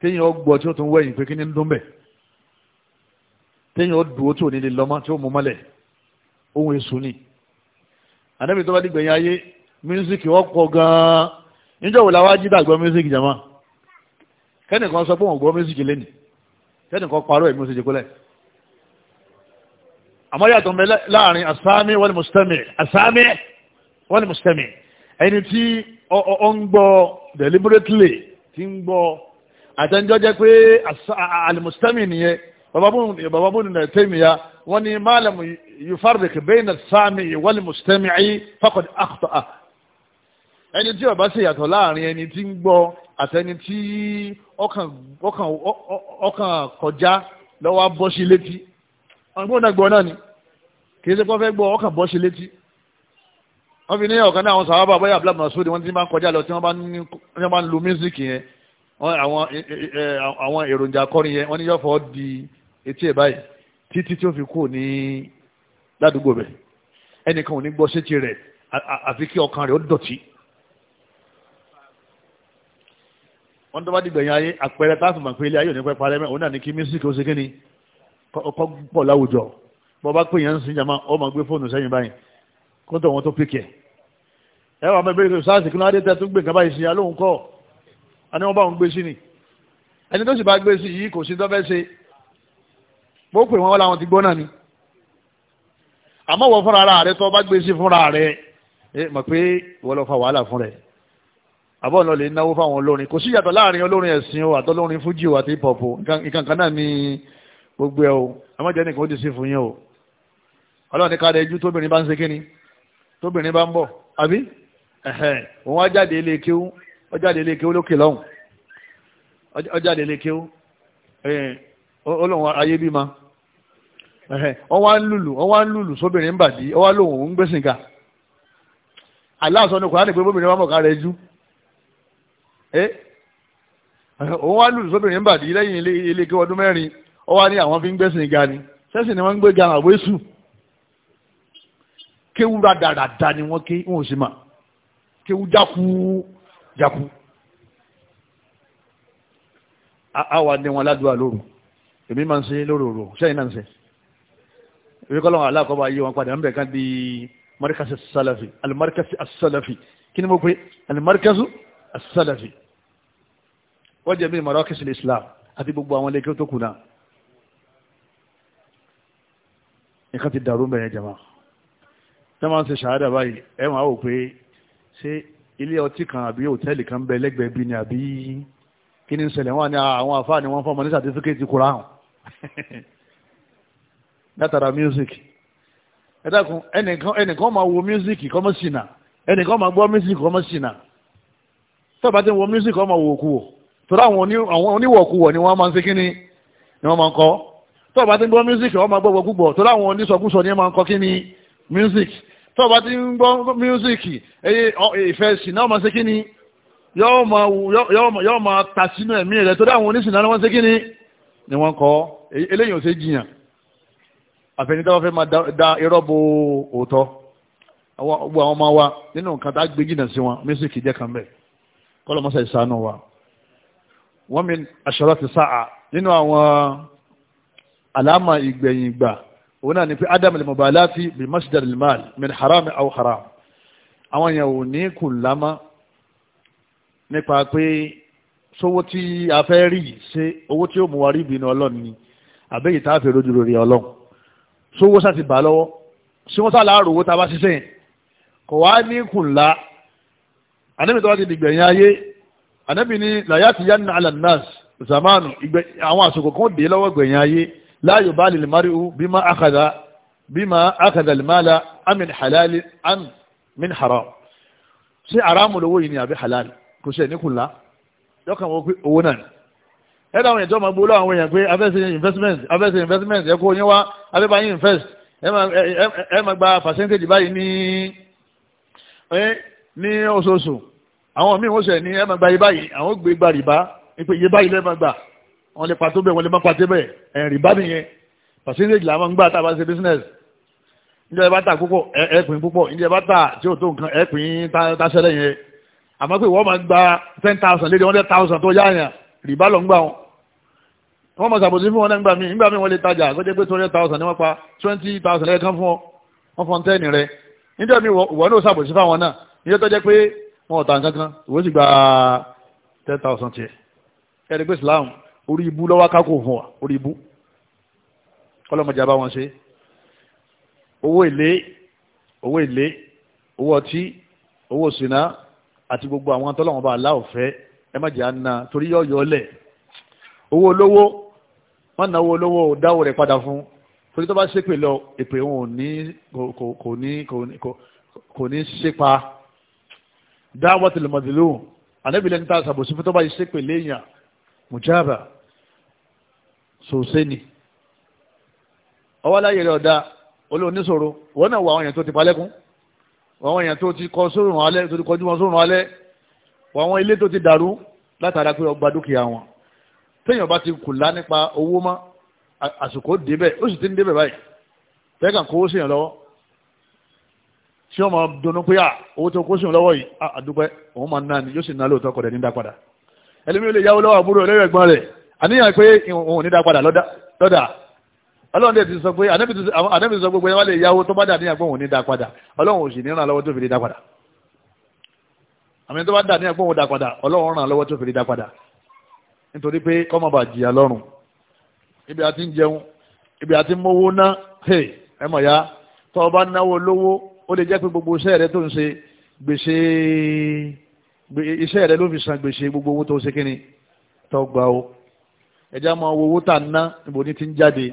téèyàn gbọ́ tí wọ́n tún wẹ̀yìn pé kí ni ń dún bẹ́ẹ̀ téèyàn ó dúró tí ò ní lè lọ́mọ tí ó mú mọ́lẹ̀ ohun èso ni ànábì tó bá dìgbẹ̀yìn ayé mísíkì ọ̀pọ̀ gan-an níjọ́ wò làwọn ajídà gbọ́ mísíkì jàmá kẹ́nìkan sọ pé òun gbọ́ mísíkì lẹ́nì kẹ́nìkan parọ́ ẹ̀mí oṣù jẹ́kọ́lẹ̀ àmọ́ yàtọ̀ mẹ́ láàrin asámi wal mustami asámi wal mustami ẹni tí ọ ń gbọ́ deliberately ti ń gbọ́ àtẹ́njọ́ jẹ́ pé al mustami nìyẹn bàbá bóni nà tẹ́mìyà wọ́n ní malam yufarrik bayna sami wal mustami'i faqad akhta'a ẹni tí ó bá ṣe yàtọ̀ láàrin ẹni tí ń gbọ́ àtẹni tí ọkàn kọjá lọ́wọ́ bọ́ sí létí ọgbọ́n náà gbọ́ náà ni kì í ṣe pé wọ́n fẹ́ gbọ́ ọkàn bọ́ sí létí wọ́n fi ní ọ̀kan náà àwọn sàwábà bọ́yà abúlé masoud wọ́n ti máa ń kọjá lọ tí wọ́n bá ń lu mísíkì yẹn e, e, e, àwọn èròjà akọrin yẹn wọ́n ní yọ̀fọ̀ di etí ẹ̀ báyìí títí tí ó fi kú ní ládùúgbò rẹ̀ ẹnìkan ò ní gbọ́ sétí rẹ̀ àfi kí ọkàn rẹ̀ ó dọ̀tí. wọ́n tó bá dìgbà yẹn ayé àpẹẹrẹ táàfù màpé ilé ayé òní pẹ́ parẹ́ mẹ́ òun náà ní kí mísíkì ó ṣe kí ni kọ́ pọ̀ láwùjọ bọ́ bá pè yẹn ń sin jama ó máa gbé fóònù sẹ́yìn báyìí kó tó wọn tó pèkẹ́ ẹ wà mẹ́bẹ́ ìgbésẹ̀ sáà sì kí lóde tẹ́ tó gbé nǹkan báyìí sí alóhùn kọ́ àní wọ́n bá wọn gbé sí ni ẹni tó sì bá gbé sí yìí kò sí tó ṣe bó pè wọ́n láwọn ti gbọ́ náà ni àmọ́ wọ fúnra ara rẹ tó bá gbé sí fúnra rẹ ẹ mọ̀ pé wọ́n lọ fa wàhálà fún rẹ àbọ̀ ọ̀nà lè náwó fáwọn olórin kò sí yàtọ̀ láàrin olórin ẹ̀sìn o àtọ́lórin fújì o àti hip-hop nǹkan kan náà ni gbogbo ẹ o àmọ́jẹ́ nìkan ó ti sí fún yín o ọlọ́run ní ká rẹ ju tóbìnrin bá ń ṣe kíni tóbìnrin bá ń bọ̀ àbí òun á jáde ilé kéwú ó ilé kéwú lókè lọ́hùn ó ilé kéwú olóhùn ayé bímọ wọ́n wá ń lùlù wọ́n wá ń lùlù sóbìnrin bàdí wọ́n wá lóhùn òun gbèsìn ga aláàsọ ni kòránì pé bóbìnrin wà mọ̀ká rẹ̀ jú òun wá lùlù sóbìnrin bàdí lẹ́yìn ilé kí ọdún mẹ́rin wọ́n ní àwọn fi ń gbèsìn ga ni sẹ́sìn ni wọ́n ń gbé ga àwọn èṣù kéwú rádaràda ni wọ́n ké wọn ò sì mà kéwú jáku jáku a wà ní wọn ládùúgbò lóru èmi máa ń ṣe lóròrò sẹ́yìn náà ń ṣe èmi kọ́ lọ́wọ́ aláàkọ́bọ̀ ayé wọn padà ń bẹ̀ kan di markasi salafi alimarkasi asalafi kí ni mo pe alimarkasi asalafi wọ́n jẹ́ mi marakis islam àti gbogbo àwọn ilé kí ó tó kù náà nǹkan ti dàrú mẹ́rin jama tí wọ́n ṣe ṣàádà báyìí ẹ máa wò pé ṣé ilé ọtí kan àbí hòtẹ́ẹ̀lì kan bẹ lẹ́gbẹ̀ẹ́ bí ni àbí kí ni ń ṣẹlẹ̀ wọn ni àwọn àfáà ni fọmọ ní sàtífíkẹ́ẹ̀tì kura hàn látara music ẹ ẹnìkan ẹnìkan ma wo music ẹnìkan ma gbọ́ music tí music ọmọ wò àwọn oníwọ̀kú wọ̀ ni wọ́n máa ń ni wọ́n máa ń kọ́ tí gbọ́ music ọmọ gbọ́gbọ́ àwọn onísọkúsọ ni wọ́n máa ń kọ́ music tí gbọ́ music ìfẹ́ yọ́ọ́ máa sínú ẹ̀mí rẹ̀ àwọn onísìnà ni ni wọ́n kọ́ e-, eléyìí ò ṣe jiyàn àfẹnitọ́ fẹ́ máa da irọ́ bo òótọ́ gbogbo àwọn ọmọ wa nínú nǹkan tá a gbé jìnnà sí wọn mísíkì jẹ́ kan bẹ́ẹ̀ kọ́lọ́ mọ́sá ìsánú wa wọ́n mi aṣọ́rọ́ ti sáà nínú àwọn àlámà ìgbẹ̀yìn ìgbà òun náà ni pé adam lè mọ̀bà láti bí masjid al-mal min haram aw haram àwọn èèyàn ò ní kù lámá nípa pé sówó tí a fẹ́ rí yìí ṣe owó tí ó mú wa rí ìbínú ọlọ́run ni àbẹ́yìí tá a fẹ́ rojú rere ọlọ́run sówó sá ti bà lọ́wọ́ sí wọ́n sá láàrò owó tá a bá ṣiṣẹ́ yẹn kò wá ní kùnlá anábì tó wá ti dìgbẹ̀yìn ayé anábì ní làyàtì yanna alanas zamanu àwọn àsìkò kan dé lọ́wọ́ gbẹ̀yìn ayé láàyò bá lil mari'u bímọ akada bímọ akada limala amin halali an min haram ṣé haramu lówó yìí ni àbí halali kò ṣe ní kùnlá yọkàn wọ pé owó náà ni ẹ̀rọ àwọn ìjọ máa gbóló àwọn èèyàn pé afẹ́sẹ̀ investment afẹ́sẹ̀ investment ẹ̀kọ́ oyin wá afẹ́bá yín invest ẹ máa gba percentage báyìí ní ní oṣooṣù àwọn míì wọ́n sẹ̀ ní ẹ máa gba iye báyìí àwọn gbé gba rìbá pé iye báyìí lẹ́ẹ̀ máa gbà wọ́n lè pàtó bẹ́ẹ̀ wọ́n lè má pàtó bẹ́ẹ̀ ẹ̀ rìbá nìyẹn percentage làwọn ń gbà tá a bá ṣe business níjọba ta púpọ̀ ẹ pín púpọ̀ níjọba ta tí ò tó nǹkan ẹ pín tá a yẹn àmọ́ pé wọ́n máa gba ten thousand lédè hundred thousand tó yáyàn rìbá lọ ń gbà wọn wọ́n máa ṣàbòsí fún wọn nígbà míì nígbà míì wọ́n lè tajà kó jẹ́ pé two thousand ni wọ́n pa twenty thousand lẹ́ẹ̀kan fún ọ wọ́n fọ́n tẹ́ẹ̀nì rẹ níjọ́ mi ìwọ náà ṣàbòsí fáwọn náà níjọ́ tó jẹ́ pé wọn ò tà nǹkan kan ìwọ sì gba ten thousand tiẹ̀ ẹ̀rí pé owó èlé owó èlé owó ọtí owó sìnà àti gbogbo àwọn tọ́lọ́wọ́n bá aláwọ̀ fẹ́ ẹ má jẹ́ àna torí yọ yọ lẹ̀ owó olówó má náwó olówó dáwó rẹ̀ padà fún torí tó bá ṣépè lọ èpè òun ò ní kò ní kò ní ṣépa dáwọ́ tìlùmọ̀dìlù ànábìlẹ̀ níta ṣàbòsí fún tó bá ṣépè léèyàn mùjáàbà sòsẹ́ni ọwọ́ láyé rẹ̀ ọ̀dà olóòníṣòro wọ́n náà wọ àwọn èèyàn tó ti palẹ́kún àwọn èèyàn tó ti kọ sórùn alẹ́ tó ti kọjú wọn sórùn alẹ́ àwọn ilé tó ti dàrú látara pé ọgbà dúkìá wọn téèyàn bá ti kùlá nípa owó mọ́ àsìkò débẹ̀ ó sì ti ń débẹ̀ báyìí tẹ́kàn kówó sí yàn lọ́wọ́ tí wọ́n máa dunnú pé owó tó kó sí yàn lọ́wọ́ yìí àdúpẹ́ òun máa ná ni yóò sì ná lóòótọ́ kọ̀dẹ̀ ní dá padà ẹlẹ́mi yáwó lọ́wọ́ àbúrò ẹlẹ́rẹ̀gbọ́n rẹ̀ àníyàn pé òun ní dá padà lọ́dà ọlọ́run dẹ̀ ti sọ pé ànábì ti sọ gbogbo ẹwà lè yáwó tó bá dà ní àgbọ̀n òní dá padà ọlọ́run ò sì ní ràn lọ́wọ́ tó fi lè dá padà àmì tó bá dà ní àgbọ̀n òní dá padà ọlọ́run ràn lọ́wọ́ tó fi lè dá padà nítorí pé kọ́mọ bá jìyà lọ́rùn ibi àti ń jẹun ibi àti ń mówó ná ẹ mọ̀ ya tó o bá náwó lówó ó lè jẹ́ pé gbogbo iṣẹ́ rẹ tó ń ṣe gbèsè iṣẹ́ rẹ ló fi san gbèsè gbogbo owó tó ṣe kíni tó gbà ó ẹja máa wo owó tà ń ná níbo ní ti ń jáde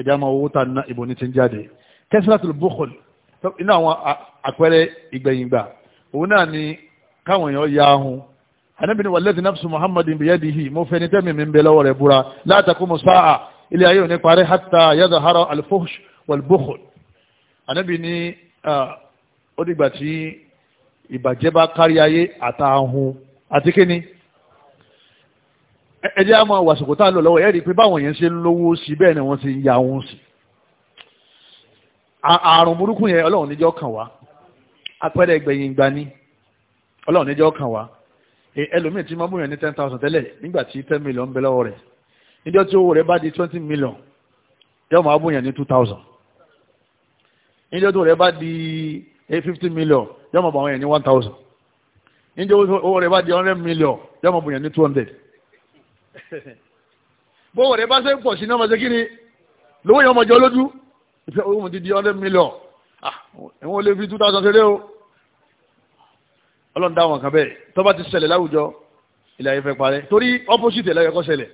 ẹ̀já máa owó tà ná ìbò ní ti ń jáde kẹsìlátìlù bókòlì iná àwọn àpẹẹrẹ ìgbẹ̀yìngbà òun náà ni káwọn èèyàn ya ahun anábì ni wàlẹ́dì nafsu muhammadin biyadihi mo fẹ́ ni tẹ́mi mi ń bẹ lọ́wọ́ rẹ̀ búra la taqumu sa'a ilé ayé òní parí hatta yadhhara al-fuhsh wal-bukhul anábì ó dìgbà tí ìbàjẹ́ bá kárí ayé àtàhun àti kíni ẹjẹ́ a máa wàsìkò tá a lò lọ́wọ́ ẹ̀rí pé báwọn yẹn ṣe ń lówó sí bẹ́ẹ̀ ni wọ́n ti ya òun sí àrùn burúkú yẹn ọlọ́run níjọ́ kàn wá apẹ́rẹ́ ẹgbẹ̀yìn ìgbà ni ọlọ́run níjọ́ kàn wá ẹlòmíì tí máa yẹn ní ten thousand tẹ́lẹ̀ nígbà tí ten million ń bẹ lọ́wọ́ rẹ̀ níjọ́ tí owó rẹ̀ bá di twenty million yóò máa mú yẹn ní two thousand níjọ́ tí owó rẹ̀ bá di fifty million yóò máa bọ̀ yẹn ní one thousand níjọ́ owó rẹ̀ bá di hundred million yóò máa bọ̀ yẹn ní two hundred. bówó rẹ̀ bá ṣe ń pọ̀ sí ní ọmọ ṣe kí ni lówó yẹn ọmọjọ́ lójú ìfẹ́ owó ti di hundred million ah, ẹ̀wọ̀n lè fi two thousand ṣeré o ọlọ́run dá wọn kan bẹ́ẹ̀ tó bá ti ṣẹlẹ̀ láwùjọ ilẹ̀ ayé fẹ́ parẹ́ torí opposite ẹ̀lẹ́yẹ kọ́ ṣẹlẹ̀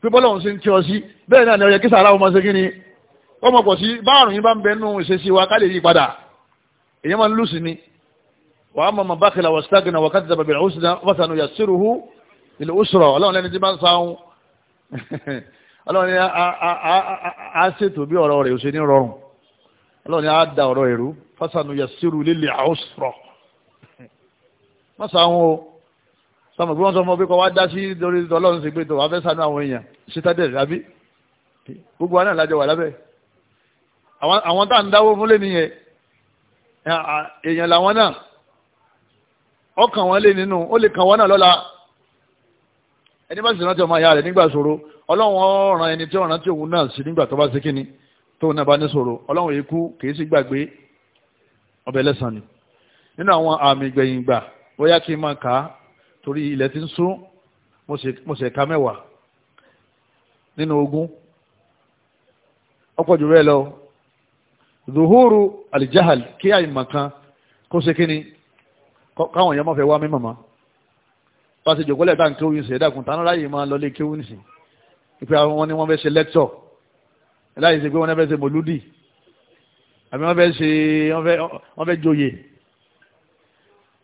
pé bọ́lọ́run ṣe ń tí ọ sí bẹ́ẹ̀ náà ni ọyẹ kí sàrà ọmọ ṣe kí ni ọmọ pọ̀ sí báàrùn yín bá ń bẹ nínú ìṣesí wa ká lè yí padà èyí máa ń lùsì ni wàá mọ̀ mọ̀ bákẹ́lá wà sítágìnà ilé usra ọlọ́run lẹ́ni tí bá ń sáhún ọlọ́run ni a ṣètò bí ọ̀rọ̀ rẹ̀ ò ṣe ní rọrùn ọlọ́run ni a da ọ̀rọ̀ ẹ̀rú fásánù yasiru lílì àwòsùrọ̀ wọ́n sáhún o sọmọ bí wọ́n sọ fún ọ pé kọ́ wá dá sí lórí ọlọ́run sì gbé tó wàá fẹ́ sánú àwọn èèyàn citadel àbí gbogbo wa náà lájọ wà lábẹ́ àwọn tá à ń dáwó fún lẹ́nu yẹn èèyàn làwọn náà ọkàn wọn lé nínú ó lè kàn wọn náà lọ́la ẹni bá sì rántí ọmọ ìyá rẹ̀ nígbà ṣòro ọlọ́run ràn ẹni tí ó rántí òun náà sí nígbà tó bá sí kíni tóun náà bá ní ṣòro ọlọ́run yìí kìí sí gbàgbé ọbẹ̀ lẹ́sàn ni nínú àwọn àmì ìgbẹ̀yìn gbà bóyá kí n máa kà á torí ilẹ̀ ti ń sún mo sì ka mẹ́wàá nínú ogún ọ̀pọ̀ jù bẹ́ẹ̀ lọ zuhuru alijahal kí àyìnbọn kan kó ṣe kíni káwọn èèyàn má fẹ́ wá mímọ̀ mọ́ bá ṣe jòkó lẹ́ẹ̀ta nǹkan oyin ṣe ẹ̀dàkùn tánú láyè máa lọ lé kéwú nìsí ìpè àwọn wọn ni wọ́n fẹ́ ṣe lẹ́tọ̀ láyè ṣe pé wọ́n fẹ́ ṣe mòlúdì àbí wọ́n fẹ́ ṣe wọ́n fẹ́ joyè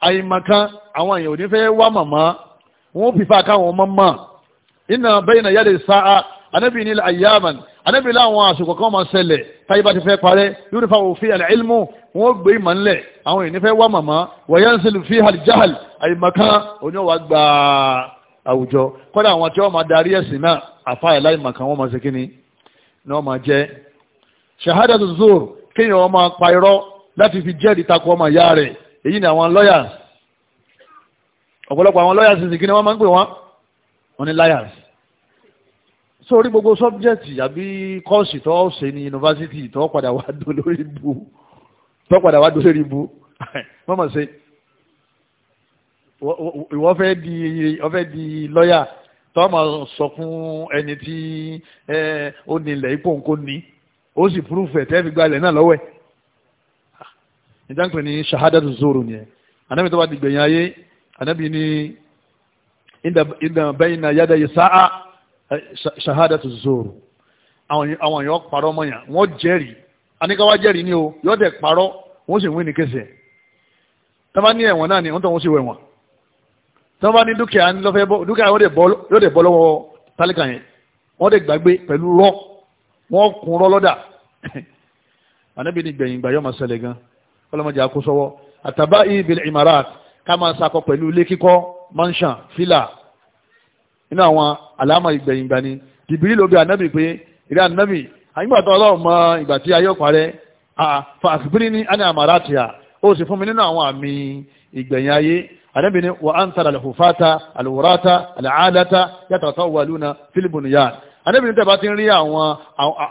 àyìnmọ̀kan àwọn èèyàn ò ní fẹ́ wá màmá wọn ò fìfà káwọn ọmọ mọ̀ iná bẹ́yìn náà yálẹ̀ sáà anábì ní ayyaman anábì láwọn máa ṣẹlẹ̀ táyé bá ti fẹ́ parẹ́ yóò ní fáwọn òfin àlẹ́ìlmù wọn gbé ìmọ̀ ńlẹ̀ àwọn èèyàn fẹ́ wá màmá wọ̀nyá ń sẹ́lù fi àlìjáhàl àyèmọ̀kan oníwà gba àwùjọ kọ́dà àwọn tí wọ́n máa darí ẹ̀sìn náà àfa ẹ̀ láì màkàn wọ́n máa ṣe kíni ni wọ́n máa jẹ́ ṣahada tó zòr kéèyàn wọn máa pa irọ́ láti fi jẹ́rìí takò ọmọ ìyá rẹ̀ èyí ni àwọn lawyers ọ̀pọ̀lọpọ̀ àwọn lawyers sì kíni wọ́n máa ń pè wọ́n ní liars sórí gbogbo sọ́bjẹ́tì àbí kọ́ọ̀sì tó ṣe ní yunifásitì tó padà wá dó lórí bu tó padà wá dó lórí bu mọ́mọ́ ṣe ìwọ fẹ́ di ọ fẹ́ di lọ́yà tó máa sọ fún ẹni tí ó nílẹ̀ ipò nǹkó ní ó sì púrúfù ẹ̀ tẹ́ fi gbalẹ̀ náà lọ́wọ́ ẹ̀ ìdáǹpẹ̀ ní ṣahadatu zoro ni ẹ̀ anábì tó bá di gbẹ̀yìn ayé anábì ní ìdàbẹ́yìn náà yádàyè sáà ṣahadatu zoro àwọn èèyàn parọ́ mọ́yàn wọ́n jẹ́rìí aníkàwá jẹ́rìí ni o yóò dẹ̀ parọ́ wọ́n sì wí ní kẹsẹ̀ tọ́ba ní ẹ̀wọ̀n náà ni wọ́n tó wọ́n sì wẹ̀ wọ́n tọ́ba ní dúkìá ní lọ́fẹ́ bọ́ dúkìá yóò dẹ̀ bọ́ lọ́wọ́ tálíkà yẹn wọ́n dẹ̀ gbàgbé pẹ̀lú rọ́ wọ́n kun rọ́ lọ́dà ànábì ní gbẹ̀yìn gbà yóò máa ṣẹlẹ̀ gan ọlọ́mọdé àkóso àtàbá ìbìlẹ̀ ìmàrà ká máa sakọ pẹ̀lú fila nínú àwọn alama ìgbẹ̀yìngbà ni jìbìrì ló bí pé ìrẹ́ anábì àyígbàtọ̀ ọlọ́run mọ ìgbà tí ayé ọ̀parẹ́ fàkìbìrì ní àní ó fún mi nínú àwọn àmì ìgbẹ̀yìn ayé ni wà á ń tara àlùfáàtà àlùwòrátà àlàádátà yàtọ̀ tó wà lúna fílíbùnù yá anábì ní bá ti rí àwọn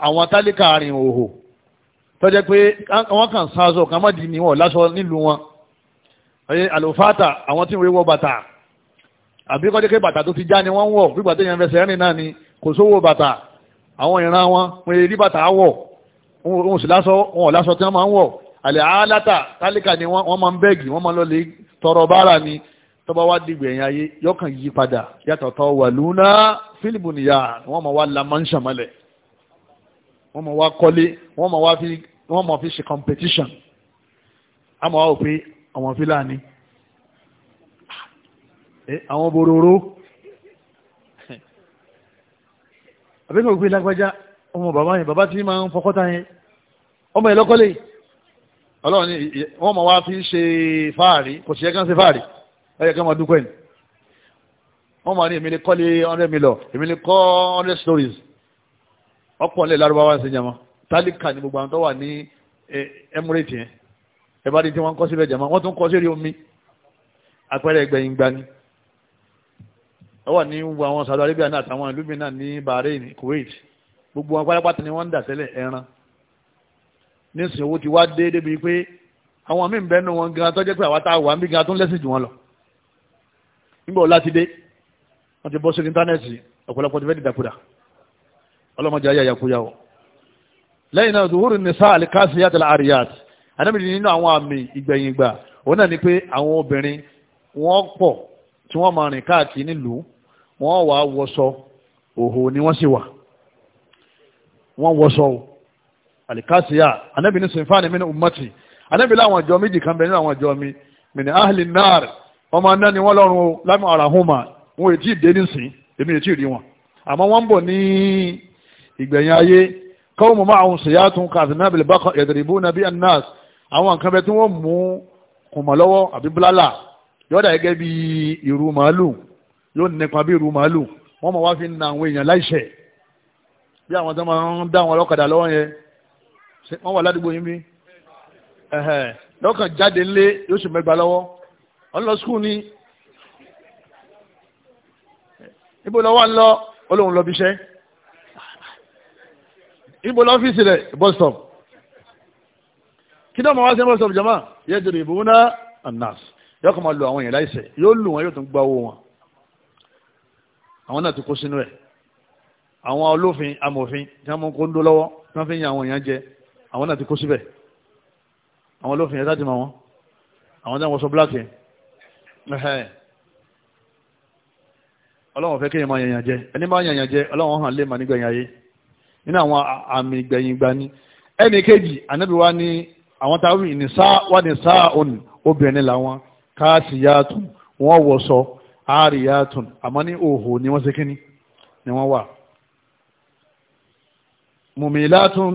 àwọn tálíkà àrìn òhò tó pé wọ́n kàn sáàzọ̀ kàn lásọ nílùú wọn àlùfáàtà àbí kọjá pé bàtà tó ti já ni wọ́n ń wọ̀ bí bàtà yẹn fẹsẹ̀ rìn náà ni kò sówó bàtà àwọn ìran wọn wọn rí bàtà wọ̀ wọn sì lásọ wọn ò lásọ tí wọ́n máa ń wọ̀ àlẹ́ àálátà tálíkà ni wọ́n máa ń bẹ́ẹ̀gì wọ́n máa ń lọ tọrọ bára ni tọba wá dìgbò ẹ̀yìn ayé yọkàn yí padà yàtọ̀ tọ́ wà lúnà fílìpù nìyà wọ́n máa wá lamanṣà mọ́lẹ̀ wọ́n máa wá kọ́lé wọ́n máa fi ṣe competition àmọ́ wá òpin àwọn fílàní àwọn bororo àbíkọ̀ òpin lágbájá ọmọ bàbá yẹn bàbá tí máa ń fọkọ́ta yẹn ọmọ ìlọ́kọ́lẹ̀ ọlọ́run ni wọ́n máa wá fi ṣe fáàrí kò sí ẹ̀kan ṣe fáàrí ẹ̀yẹ kan máa dúpẹ́ ni wọ́n máa ní èmi lè kọ́lé hundred million èmi lè kọ́ hundred stories ọ̀pọ̀ nílẹ̀ lárúbáwá ṣe jàmọ́ tálíkà ni gbogbo àwọn tó wà ní emirate yẹn ẹ bá rí tí wọ́n ń kọ́ síbẹ̀ jàmọ́ wọ́n tún kọ́ sí orí omi àpẹẹrẹ wà ní gbogbo àwọn Saudi Arabia náà àtàwọn ìlú mìíràn ní Bahrain Kuwait gbogbo wọn pátápátá ni wọ́n ń dà tẹ́lẹ̀ ẹran nísìnyí owó ti wá dé débi pé àwọn míì ń bẹ́nu wọn gan tó jẹ́ pé àwa tá a wà ń bí gan tó ń lẹ́sìn jù wọn lọ nígbà wo láti dé wọ́n ti bọ́ sí íńtánẹ́ẹ̀tì ọ̀pọ̀lọpọ̀ ti fẹ́ dìdàkudà ọlọ́mọdé ayé àyàkúyà o lẹ́yìn náà zuhuru nisa alikasi yàtọ̀ àríyàt anábìrin nínú àwọn àmì ìgbẹ̀yìn ìgbà òun náà ni pé àwọn obìnrin wọ́n pọ̀ tí wọ́n wàá wọṣọ òhò ni wọ́n sì wà wọ́n wọṣọ o alikasiya anabi ní sinfani mi ní umati anabi láwọn ìjọ méjì kan bẹ nínú ìjọ mi mi ní ahli ọmọ aná ni wọ́n lọ́rùn o lámì arahuma wọn ètí ìdé nísìn èmi ètí ìrí wọn àmọ́ wọ́n ń bọ̀ ní ìgbẹ̀yìn ayé káwọn mọ̀mọ́ àwọn sèyàtún kazinabil baqar yadribuna bi annas àwọn nǹkan bẹ tí wọ́n mú kùmọ̀ lọ́wọ́ àbí búlálà yọ̀ọ́dà gẹ́gẹ́ bí ìrù màálù yóò nípa bí irú màálù wọ́n mọ̀ wá fi na àwọn èèyàn láìṣẹ̀ bí àwọn tó máa ń dá àwọn ọlọ́kadà lọ́wọ́ yẹn wọ́n wà ládùúgbò yín bí lọ́kàn jáde ńlé yóò sì mẹ́gbà lọ́wọ́ ọlọ́ skul ni ibo lọ́wọ́ ń lọ olóhùn lọ bíṣẹ́ ibo lọ́fíìsì rẹ̀ bus stop kí náà máa wá sí bus stop jama yẹ́ jẹ̀rẹ̀ ìbò náà anas yọ́kàn máa lo àwọn èèyàn láìṣẹ̀ yóò lù wọn yóò tún gbá owó wọn àwọn náà ti kó sínú ẹ̀ àwọn olófin amòfin tí wọ́n mú kóńdó lọ́wọ́ tí wọ́n fi ń yan àwọn èèyàn jẹ àwọn náà ti kó síbẹ̀ àwọn olófin ẹ̀ta ti mọ̀ wọ́n àwọn náà wọ́n sọ bíláàkì ọlọ́wọ́n fẹ́ kéèyàn máa yànyàn jẹ ẹni máa yànyàn jẹ ọlọ́wọ́n hàn lè mà nígbẹ̀yìn ayé nínú àwọn àmì ìgbẹ̀yìn gbani ẹnì kejì ànábì wa ní àwọn táwọn ìnìsá wà ní sáà òní obìnrin làwọn káàsì yáàtù wọ́n wọ̀ sọ àríyàtùn àmọ́ ní òhò ni wọ́n ṣe kíní ni wọ́n wà mùmìlátùn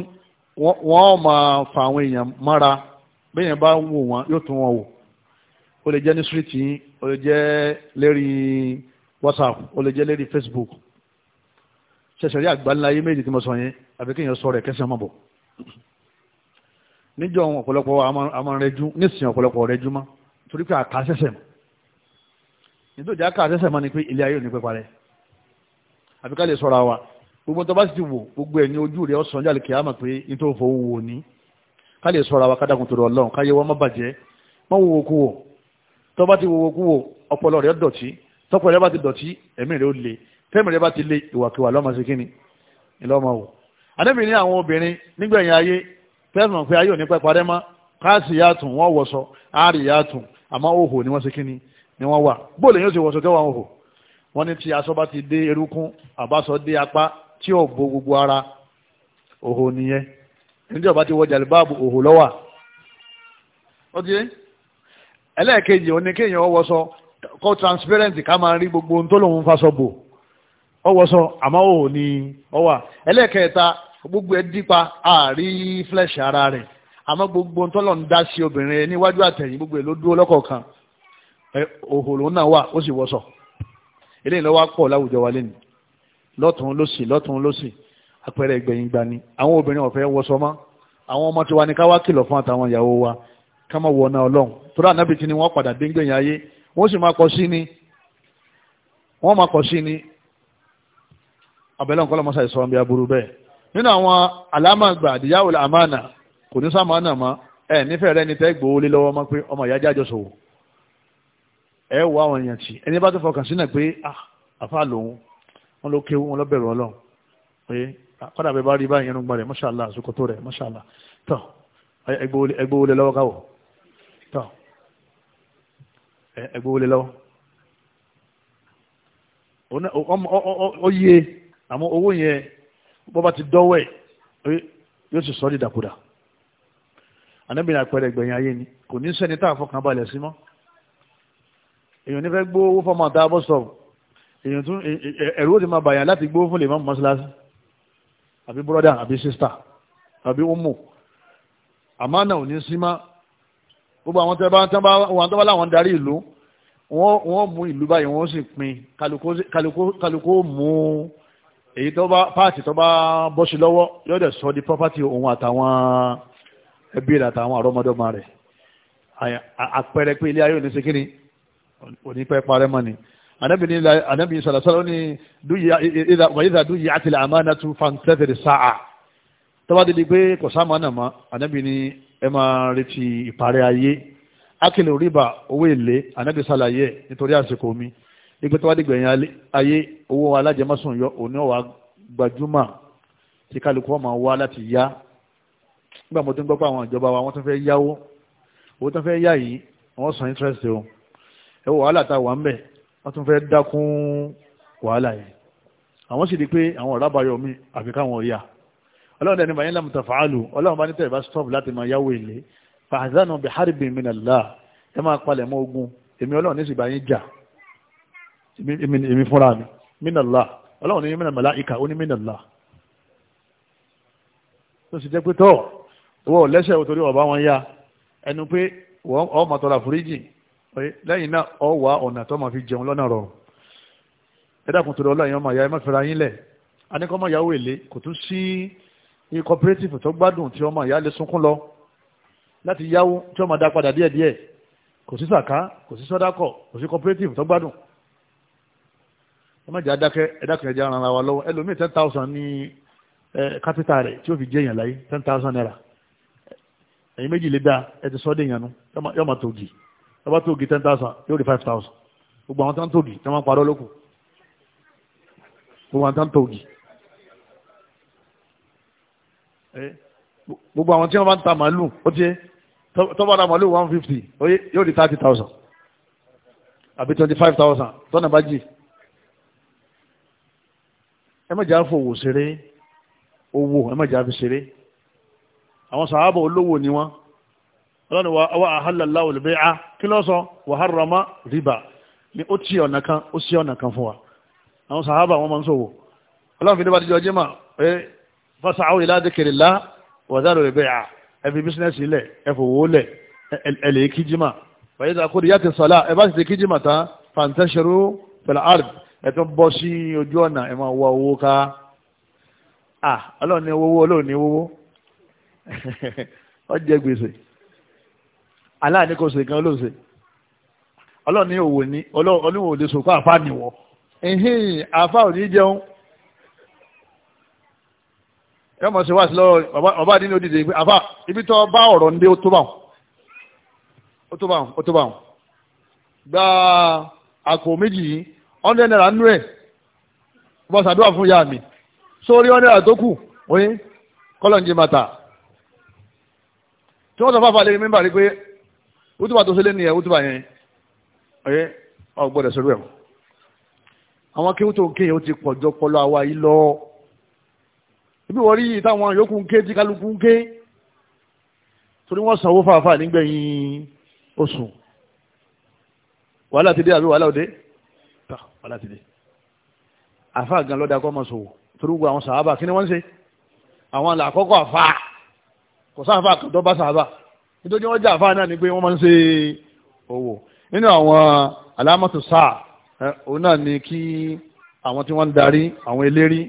wọ́n máa fa àwọn èèyàn mára bẹ́yẹn bá wò wọ́n yóò tún wọn wò ó lè jẹ́ ní street yín ó lè jẹ́ lérí whatsapp ó lè jẹ́ lérí facebook ṣẹ̀ṣẹ̀ rí àgbáńlá ayé méjì tí mo sọ yẹn àbí kéèyàn sọ rẹ̀ kẹsàn-án mọ̀ bọ̀ níjọ́ ọ̀pọ̀lọpọ̀ rẹjú nísìnyí ọ̀pọ̀lọpọ̀ rẹjú mọ́ torí pé àkàṣẹ̀ṣẹ̀ mọ́ nítorí ìjà ká àtẹ́sẹ̀ mọ́ ni pé ilé ayé ò ní pẹ́ parẹ́ àfi ká lè sọ̀rọ̀ wa gbogbo tó bá sì ti wò gbogbo ẹ̀ ní ojú rẹ̀ ọ̀sán jáde kìí àmọ̀ pé nítorí òfò wò ní ká lè sọ̀rọ̀ wa kádàkùn tó lọ́n ká yẹ wọ́n má bàjẹ́ mọ́ wo wòkú wò tó bá ti wo wòkú wò ọpọlọ rẹ̀ dọ̀tí tọpọ rẹ̀ bá ti dọ̀tí ẹ̀mí rẹ̀ ó le tẹ́mi rẹ̀ bá ti le ìwàkiwà lọ́mọ ni wọ́n ni wọ́n wà bóòlù yóò ṣe wọ̀ṣọ̀ tẹ́wà wọn hò wọ́n ní tí aṣọ bá ti dé erúkún àbáṣọ dé apá tí ò bo gbogbo ara òhò nìyẹn níjọ́ bá ti wọ jàlíbáàbù òhò lọ́wà ó ti ẹlẹ́ẹ̀kejì òní kéèyàn ọwọ́sọ kọ́ transparent ká máa rí gbogbo ohun tó lòun fa sọ bò ọwọ́sọ àmọ́ òhò ni ọwà ẹlẹ́ẹ̀kẹta gbogbo ẹ dípa àárí flesh ara rẹ̀ àmọ́ gbogbo ohun tó lòun dá sí obìnrin níwájú àtẹ̀yìn gbogbo èlò dúró lọ́kọ̀ọ̀kan òhòrò náà wà ó sì wọ́sọ̀ eléyìí lọ́wọ́ pọ̀ láwùjọ wa lẹ́nu lọ́tún lọ́sì lọ́tún lọ́sì àpẹẹrẹ ìgbẹ̀yìn gbani àwọn obìnrin ọ̀fẹ́ wọ́sọ mọ́ àwọn ọmọ tiwa ni ká wá kìlọ̀ fún àtàwọn ìyàwó wa ká má wọ náà ọlọ́run tó dáa nábì tí ni wọ́n padà dé gbẹ̀yìn ayé wọ́n sì máa kọ sí ni wọ́n máa kọ sí ni abẹ́lẹ́ nǹkan lọ́mọ́sá ìsọ̀rọ̀ bí aburú bẹ́ẹ̀ nínú àwọn alámàgbà àdìyáwó àmàna kò ní sáà máa mọ́ ẹ̀ nífẹ̀ẹ́ rẹ ni tẹ́ gbòó lé lọ́wọ́ mọ́ pé ọmọ ìyá jájọ ẹ wọ àwọn èèyàn tí ẹni bá tó fọkàn sínú pé ah, àfa lòun wọn ló kéwú wọn ló bẹ̀rù ọlọ́run pé kọ́dà ah, bẹ́ẹ̀ bá rí báyìí ẹnu gbọ́n rẹ̀ mọ́ṣáláà àsokòtò rẹ̀ mọ́ṣáláà tọ́ ẹgbẹ́ olè lọ́wọ́ káwọ̀ tọ́ ẹgbẹ́ olè lọ́wọ́ ó yé àmọ́ owó yẹn bọ́ bá ti dọ́wọ́ ẹ̀ yóò sì sọ ọ́ dìdàkudà ànábìnrin àpẹẹrẹ ẹgbẹ̀yìn ayé ni kò ní sẹ́ni tá a fọkàn balẹ̀ sí mọ́ èèyàn nífẹ̀ẹ́ gbó owó fọmọ àtà bọ́ sọ̀rọ̀ èèyàn tún ẹ̀rú òdì máa bàyàn láti gbó fún lè máa mọ́ṣáláṣí àbí bọ́dà àbí sísítà àbí ọmọ àmánà ò ní símá gbogbo àwọn tẹ́ bá wọn tó bá láwọn darí ìlú wọ́n mú ìlú báyìí wọ́n sì pín kálukó mú èyí tó bá páàtì tó bá bọ́ lọ́wọ́ yóò dẹ̀ sọ di property òun àtàwọn ẹbí rẹ̀ àtàwọn àrọ́mọdọ́mọ rẹ̀ àpẹẹrẹ pé ilé ayé ò ní ṣe kíni òní pẹ́ parẹ́ mọ́ ni anabi sàlàsàlà ní wàyíṣà dúyì àti àmàna tún fàǹtẹ́tẹ̀rẹ̀ sáà tọ́wá dídí pé kò sáà mọ́nà mọ́ anabi ní ẹ máa retí ìparẹ́ ayé akílò rìbá owó èlé anabi sàlàyé nítorí àsìkò mi ìgbé tọ́wá dìgbà yẹn ayé owó alájẹmọ́sùn yọ òní ọ̀wà gbajúmọ̀ tí kálukú ọmọ wa láti yá nígbà mo tún gbọ́ pé àwọn ìjọba wa wọ́n tún fẹ́ yáwó owó tún fẹ́ yá yìí wọ́n san interest o ẹ wọ wàhálà tá a wà ń bẹ̀ wọ́n tún fẹ́ dákún wàhálà yìí àwọn sì di pé àwọn ọ̀rá bayọ̀ mi àfi káwọn ya ọlọ́run dẹni bàyẹn lámù tàfàálù ọlọ́run bá ní tẹ̀lé bá stop láti máa yáwó èlé fàhazánù bí haribi minala ẹ máa palẹ̀ mọ́ ogun èmi ọlọ́run ní sì bàyẹn jà èmi fúnra mi minala ọlọ́run ní minal malaika ó ní minala tó sì jẹ́ pé tọ́ ìwọ lẹ́sẹ̀ òtòrí ọ̀bá wọn ya ẹnu pé wọ́n lẹ́yìn náà ọ wà ọ̀nà tó máa fi jẹun lọ́nà rọrùn ẹ dákun tó lọ́la yẹn ọmọ àyà ẹ má fẹ́ra yín lẹ̀ anikọ́mọ ìyàwó èlé kò tún sí cooperative tó gbádùn tí ọmọ ìyá lè sunkún lọ láti yáwó tí ọmọ dá padà díẹ̀díẹ̀ kò sí sàká kò sí sọ́dákọ̀ kò sí cooperative tó gbádùn ẹ má adákẹ́ ẹ dákun ara wa lọ́wọ́ ẹlòmíì ten thousand ní kápítà rẹ̀ tí ó fi jẹ́ èèyàn láyé ten thousand naira ẹ̀yin méjì lè dá ẹ ti sọ́ ọba tó gi ten thousand yóò di five thousand gbogbo àwọn tó ń tògì tí wọ́n parọ́ lókù gbogbo àwọn tó ń tògì gbogbo àwọn tí wọ́n bá ń ta màálù ó ti tọ́ba ra màálù one fifty yóò di thirty thousand àbí twenty five thousand tọ́nà bá jì ẹ má jà fowó ṣeré owó ẹ má jà fi ṣeré àwọn sàábà olówó ni wọ́n ọlọ́run wa wa ahallallahu al-bay'a kí ló sọ wa harrama riba ni ó ti ọ̀nà kan ó sí ọ̀nà kan fún wa àwọn sàhábà wọn máa ń sòwò ọlọ́run fi ní bàtí jọjẹ́ mà ẹ fasa'u ila dhikrillah wa dharu al-bay'a ẹ fi bísínẹ́sì lẹ̀ ẹ fòwò lẹ̀ ẹ lè kí jimá fàyè ta kúrò yàtì sọlá ẹ bá sì ti kí tán fantashiru fil ard aláàní kò ṣe gan ló ṣe ọlọ́run ní òwò ní ọlọ́run òde sòkó àfa nìwọ ẹ̀hìn àfa ò ní jẹun ẹ mọ̀ sí wá sí lọ́wọ́ ọba àdínní òdìdè pé àfa ibi tó bá ọ̀rọ̀ ń dé ó tó bá wọn ó tó bá ó tó bá wọn gba àpò méjì yìí ọ̀ndẹ̀ náírà nú ẹ̀ bọ́ sàdúrà fún ya mi sórí ọ̀ndẹ̀ náírà oyin kọ́lọ̀ ń tí wọ́n sọ fáfá lè mímbà rí pé wútúbà tó sílé nìyẹn wútúbà yẹn ọyẹ ọgbọ́dọ̀ sọ̀rọ̀ ẹ̀ àwọn kí wútó kéèyàn ti pọ̀jọ pọlọ àwa yìí lọ ibi wọ́n rí yìí táwọn yòókù ń ké tí kálukú ń ké torí wọ́n sanwó fàáfàá nígbẹ̀yìn oṣù wàhálà ti dé àbí wàhálà òde tà wàhálà ti dé àfáà gan lọ́dà kọ́ mọ̀ sòwò torí gbogbo àwọn sàábà kí ni wọ́n ń ṣe àwọn àlàkọ́kọ́ àfáà kò sáfà kò dọ́ bá sàábà nítorí wọ́n jà fáà náà ni pé wọ́n máa ń ṣe owó nínú àwọn alámọ̀tò sáà òun náà ni kí àwọn tí wọ́n ń darí àwọn eléré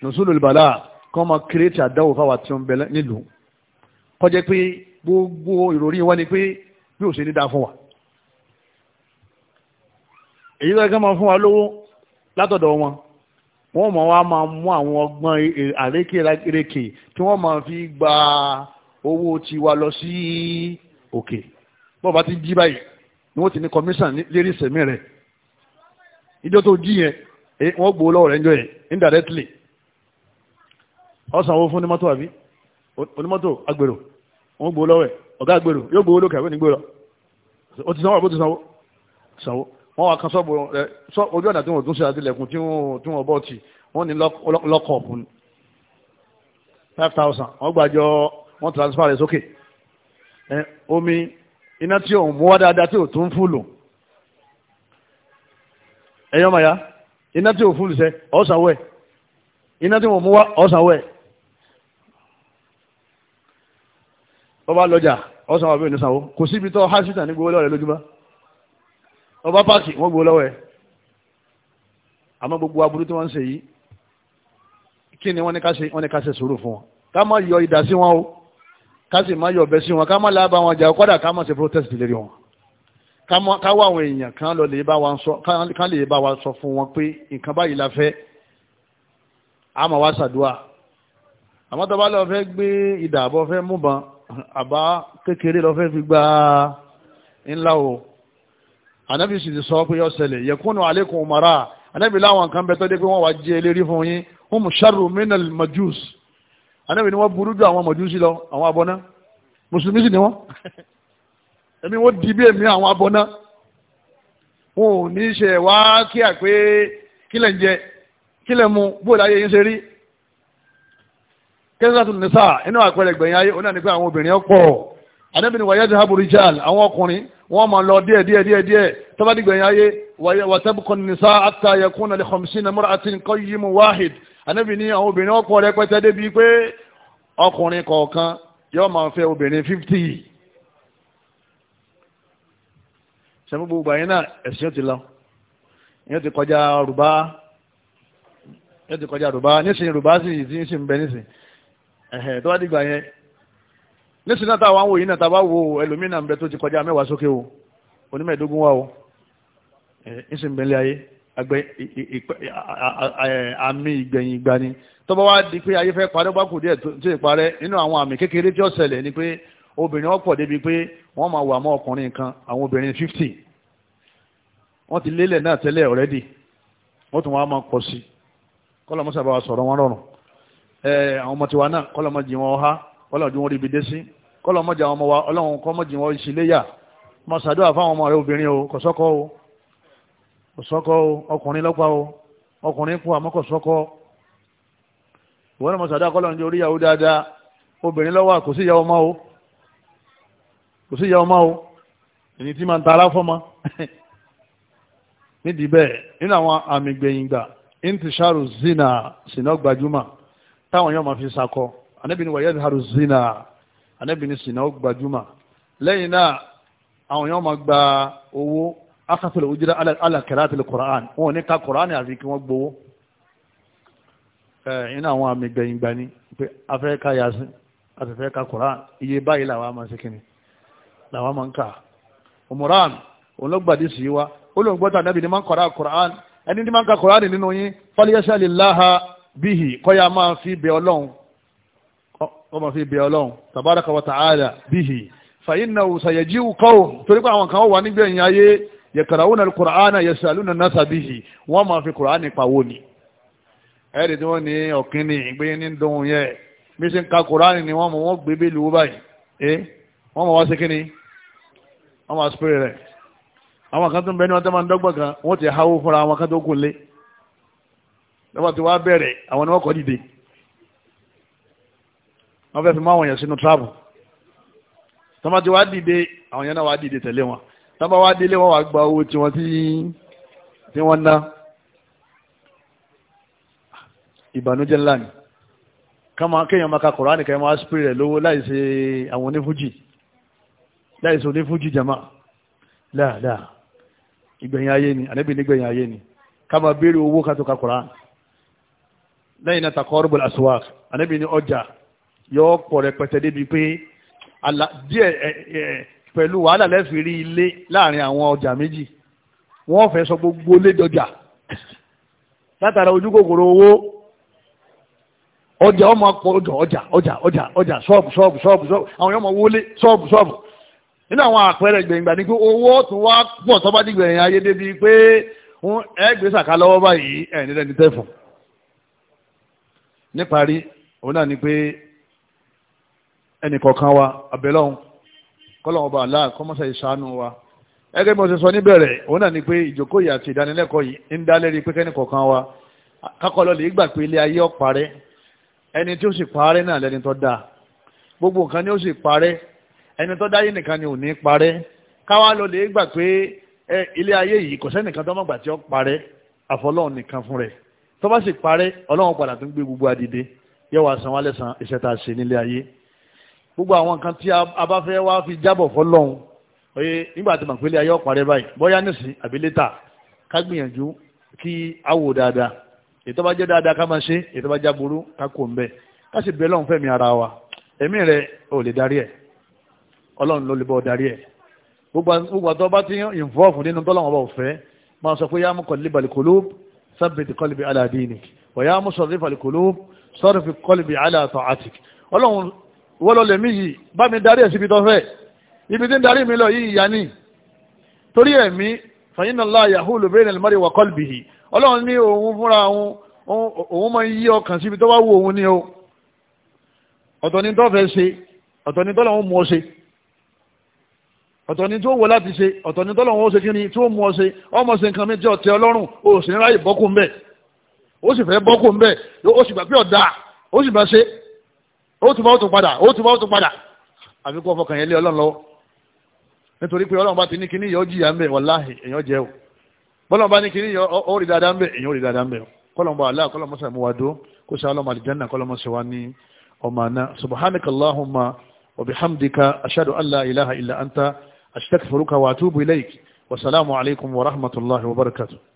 nùsùlù ìbàlá kọ́ máa kírètì àdáwò fáwọn tí wọ́n nílùú kọjá pé gbogbo ìròrí wọn ni pé bí ò ṣe ní dáa fún wa èyí tó kẹ́ máa fún wa lówó látọ̀dọ̀ wọn wọ́n mọ̀ wá máa mú àwọn ọgbọ́n àrékèrèkè tí wọ́n máa fi gba owó tiwa lọ sí òkè bọ́ọ̀ bá ti jí báyìí ni wọ́n ti ní commission lérí sẹ̀mí rẹ̀ ìjọ tó jí yẹn e, wọ́n gbowó lọ́wọ́ rẹ̀ ń jọ yẹn indirectly ọ̀sán owó fún onímọ́tò àbí onímọ́tò agbèrò wọ́n gbowó lọ́wọ́ ẹ̀ ọ̀gá agbèrò yóò gbowó lókè àwọn onígbèrò ó ti sanwó àbó ti sanwó sanwó wọ́n wá kan sọ́ọ̀bù rẹ̀ ojú ọ̀nà tí wọ́n tún ṣe àtìlẹ̀kùn tí wọ́n bọ́ọ̀tì wọ́n ní lọ́kọ̀ọ̀pù 5000 wọ́n gbàjọ wọ́n transfer rẹ̀ sókè omi iná tí òun mú wá dáadáa tí ò tún fúlù ẹ̀yọ́ màyá iná tí ò fúlù sẹ́ ọ̀sánwẹ̀ iná tí wọ́n mú wá ọ̀sánwẹ̀ ọba lọ́jà ọ̀sánwẹ̀ àbí onísànwó kò síbi tó hásítà ní gbowó lọ́rẹ̀ lójúmọ́ ọba páàkì wọ́n gbowó lọ́wọ́ ẹ̀ àmọ́ gbogbo aburú tí wọ́n ń ṣe yìí kí ni wọ́n ní ká ṣe wọ́n ní ká ṣe sùúrù fún wọn ká má yọ ìdásí wọn o ká sì má yọ̀bẹ sí wọn ká má lábá wọn jà kọ́dà ká má ṣe protest lérí wọn ká wá àwọn èèyàn kan lọ lè bá wa sọ kan lè bá wa sọ fún wọn pé nǹkan báyìí la fẹ́ a máa wá ṣàdúrà àmọ́ tó bá lọ fẹ́ gbé ìdà àbọ̀ fẹ́ múban àbá kékeré lọ fẹ́ fi gba ńlá o ànábì sì sọ pé yọ ṣẹlẹ̀ yẹkúnnù alẹ́kùn mara ànábì láwọn kan bẹ tó dé pé wọ́n wá jẹ́ eléri fún yín hum sharu minal majus anábì ni wọ́n burú ju àwọn mọ̀júsí lọ àwọn abọ́ná mùsùlùmí sì ni wọ́n èmi wọ́n di bí èmi àwọn abọ́ná wọn ò ní í ṣe wá kí à pé kílẹ̀ ń jẹ kílẹ̀ mu bóòlù ayé yín ṣe rí kẹ́sà tún ní sáà inú àpẹẹrẹ gbẹ̀yìn ayé onáà ní àwọn obìnrin pọ̀ anábì ni wàyẹ́ ti habu rijal àwọn ọkùnrin wọ́n máa lọ díẹ̀ díẹ̀ díẹ̀ díẹ̀ tọ́ba dìgbẹ̀yìn ayé wàtẹ́bùkọ́ ní sáà àtàyẹ̀kún nàlẹ́ khamsina anábì ní àwọn obìnrin ọ̀pọ̀ rẹpẹtẹ débi pé ọkùnrin kọ̀ọ̀kan yóò máa fẹ́ obìnrin fifty sẹ́mi gbogbo àyín náà ẹ̀sìn ti lọ ìyẹn ti kọjá rùbá ìyẹn ti kọjá rùbá nísìnyí rùbá sì ti ń sìn bẹ nísìn ẹ̀hẹ̀ tó wá dìgbà yẹn nísìnyí náà táwọn àwọn òyìn náà táwọn wo ẹlòmínà ń bẹ tó ti kọjá mẹ́wàá sókè o onímọ̀ ẹ̀dógún wa o ẹ̀sìn bẹ́ẹ̀ lé ayé. àmì ìgbẹ̀yìn ìgbà ni tó bá wá di pé ayé fẹ́ parẹ́ bá kù díẹ̀ tó ìparẹ́ nínú àwọn àmì kékeré tí ó ṣẹlẹ̀ ni pé obìnrin ọ̀pọ̀ débi pé wọ́n máa wà mọ́ ọkùnrin kan àwọn obìnrin fifty wọ́n ti lélẹ̀ náà tẹ́lẹ̀ wọ́n tún wá máa sí sábà sọ̀rọ̀ wọn rọrùn ọmọ tiwa náà jì wọn wọn ríbi dé sí jì ọmọ wa ọlọ́run o kọ̀sọ́kọ́ o kò sọ́kọ́ o ọkùnrin lọ́pá o ọkùnrin kú àmọ́ kò sọ́kọ́ ìwọ́n náà mọ̀sádá kọ́lọ̀ ní oríyàwó dáadáa obìnrin lọ́wọ́ kò sí ìyàwó máa o kò sí ìyàwó máa o èyí tí máa ń tara fọ́mọ nídìí bẹ́ẹ̀ nínú àwọn àmì gbẹ̀yìngbà intisharu zina sinọ́ gbajúmọ̀ táwọn yóò máa fi sakọ anábìnrin wà yẹ́dìharu zina anábìnrin sinọ́ gbajúmọ̀ lẹ́yìn náà àwọn yóò máa gba owó akásọ̀lẹ̀ òjìdá alákẹ̀láti lè kọ̀rán wọn ní ká kọ̀rán àti kí wọ́n gbowó eh, iná àwọn àmì gbẹ̀yìngbà ní pé afẹ́ ká yásí àti fẹ́ ká kọ̀rán iye báyìí làwọn máa ń sikini làwọn máa ń kà ọmọràn olóògbàdì sí wa olóògbọ́ta nẹ́bì ni máa ń kọ̀rá kọ̀rán ẹni tí máa ń ka kọ̀rán nínú yín fọlíyẹ́sẹ̀ lè láha bíhì kọ́yà fi bẹ ọlọ́run kọ́ máa fi bẹ ọlọ́run tabaraka wa ta'ala bíhì fàyínà òsàyẹ̀jíwù kọ́ torípé àwọn kan wà nígbẹ̀yìn ayé yẹ̀kàràwọ́n alukur'ana yẹ̀sàlúnà násàbíhì wọ́n máa fi kur'ani pàwó ni ẹ̀rì tí wọ́n ní ọ̀kínní ìgbé ní dùn yẹ bí sí ń ka kur'ani ni wọ́n mọ̀ wọ́n gbé bí lùú báyìí ẹ́ wọ́n mọ̀ wá sí kíni wọ́n máa spray rẹ̀ àwọn kan tó ń bẹ ní wọn tó máa ń dọ́gbọ̀n kan wọ́n ti háwó fúnra wọn kan tó lé lọ́wọ́ tí wọ́n bẹ̀rẹ̀ àwọn ni wọ́n kọ́ dìde wọ́n fẹ́ fi mọ́ yẹn sínú travel tọ́mọ́ tọ́ba wá délé wọ́n wá gba owó tiwọn tí wọ́n ná ìbànújẹ́ ńlá ni kama kéèyàn maka kọ̀ránì kẹ́yàn máa spray rẹ̀ lówó láìsí àwọn onífújì láìsí onífújì jama láàdáà ìgbẹ̀yìn ayé ni ànábì nígbẹ̀yìn ayé ni kama béèrè owó ká tó ka kọ̀ránì lẹ́yìn náà takọ́rùbù aswaq ànábì ní ọjà pẹ̀lú wàhálà lẹ́fì rí ilé láàrin àwọn ọjà méjì wọ́n fẹ́ sọ gbogbo ilé dọjà látara ojú kòkòrò owó ọjà ọmọ pọ̀ ọjà ọjà ọjà ọjà ṣọ́ọ̀bù ṣọ́ọ̀bù ṣọ́ọ̀bù ṣọ́ọ̀bù àwọn ọmọ wọlé ṣọ́ọ̀bù ṣọ́ọ̀bù nínú àwọn àpẹẹrẹ gbẹ̀ngbà ni pé owó tó wá pọ̀ tó bá dìgbẹ̀ yẹn ayé débi pé ẹ gbé sàká lọ́wọ́ báyìí ẹ̀ nílẹ̀ ní tẹ́fù níparí òun náà ni pé ẹnì kọ̀ọ̀kan wa abẹ́lọ́hún kọ́lọ́wọ́n bá aláà kọ́mọ́sẹ̀ ìṣàánú wa ẹgbẹ́ mo ti sọ níbẹ̀rẹ̀ òun náà ni pé ìjókòó yìí àti ìdánilẹ́kọ̀ọ́ yìí ń dá lérí pé kẹ́ni kọ̀ọ̀kan wa kákọ́lọ́ lè gbà pé ilé ayé ó parẹ́ ẹni tí ó sì parẹ́ náà lẹni tó dáa gbogbo nǹkan ni ó sì parẹ́ ẹni tó dáyé nìkan ni ò ní parẹ́ káwa lọ lè gbà pé ilé ayé yìí kò sẹ́nìkan tó mọ̀gbà tí ó parẹ́ àfọlọ́run nìkan fún rẹ̀ tó bá sì parẹ́ ọlọ́run padà tó ń gbé gbogbo adìde yẹ wàá wálẹ̀ san iṣẹ́ ṣe nílé ayé gbogbo àwọn nǹkan tí a bá fẹ́ wá fi jábọ̀ fọlọ́hún oye nígbà tí màpélé ayé ọ̀parẹ́ báyìí bóyá nísìn àbí létà ká gbìyànjú kí a wò dáadáa ètò bá jẹ́ dáadáa ká máa ṣe ètò bá já burú ká kò ń bẹ̀ ká sì bẹ́ẹ̀ lọ́hùn fẹ́mi ara wa ẹ̀mí rẹ̀ ò lè darí ẹ̀ ọlọ́run ló lè bọ́ darí ẹ̀ gbogbo àtọ́ bá ti ìfọ́ọ̀fù nínú tọ́lọ́wọ́n bá fẹ́ wọ́n lọ lẹ̀mí yìí bá mi darí ẹ̀ síbi tọ́fẹ́ ibi tí ń darí mi lọ yìí ìyá ni torí ẹ̀mí fàyínà láàyà húlù bẹ́ẹ̀ nàìjíríà mọ́rí wà kọ́lbì yìí ọlọ́run ní òun fúnra òun máa ń yí ọkàn síbi tó wá wù òun ni o ọ̀tọ̀ ni tọ́fẹ́ ṣe ọ̀tọ̀ ni tọ́lọ́run mú ọ ṣe ọ̀tọ̀ ni tó wọ láti ṣe ọ̀tọ̀ ni tọ́lọ́run ó ṣe kí ni tó mú ọ ṣe ọmọ ṣe nǹkan mi jẹ́ ọ̀tẹ ọlọ́run o sì ní ráyè bọ́kùn bẹ́ẹ̀ ó sì fẹ́ bọ́kùn bẹ́ẹ̀ ó sì gbà pé ọ̀dà ó sì bá ṣe ó tún bá ó tún padà ó tún bá ó tún padà àfi kó ọfọkàn yẹn lé ọlọ́run lọ́wọ́ nítorí pé ọlọ́run bá ti ní kíní yọ jìyà ń bẹ̀ wàláhì èèyàn jẹ́ o bọ́lọ́run bá ní kíní yọ ó rí dáadáa ń bẹ̀ èèyàn ó rí dáadáa ń bẹ̀ kọ́lọ́n bá aláà kọ́lọ́n mọ́sà mú wa dó kó sá ọlọ́run àlìjánà kọ́lọ́n mọ́sà wa ní ọmọ àná subhanaka allahumma wa bihamdika ashhadu an ilaha illa anta astaghfiruka wa atubu ilayk wa alaykum wa rahmatullahi wa barakatuh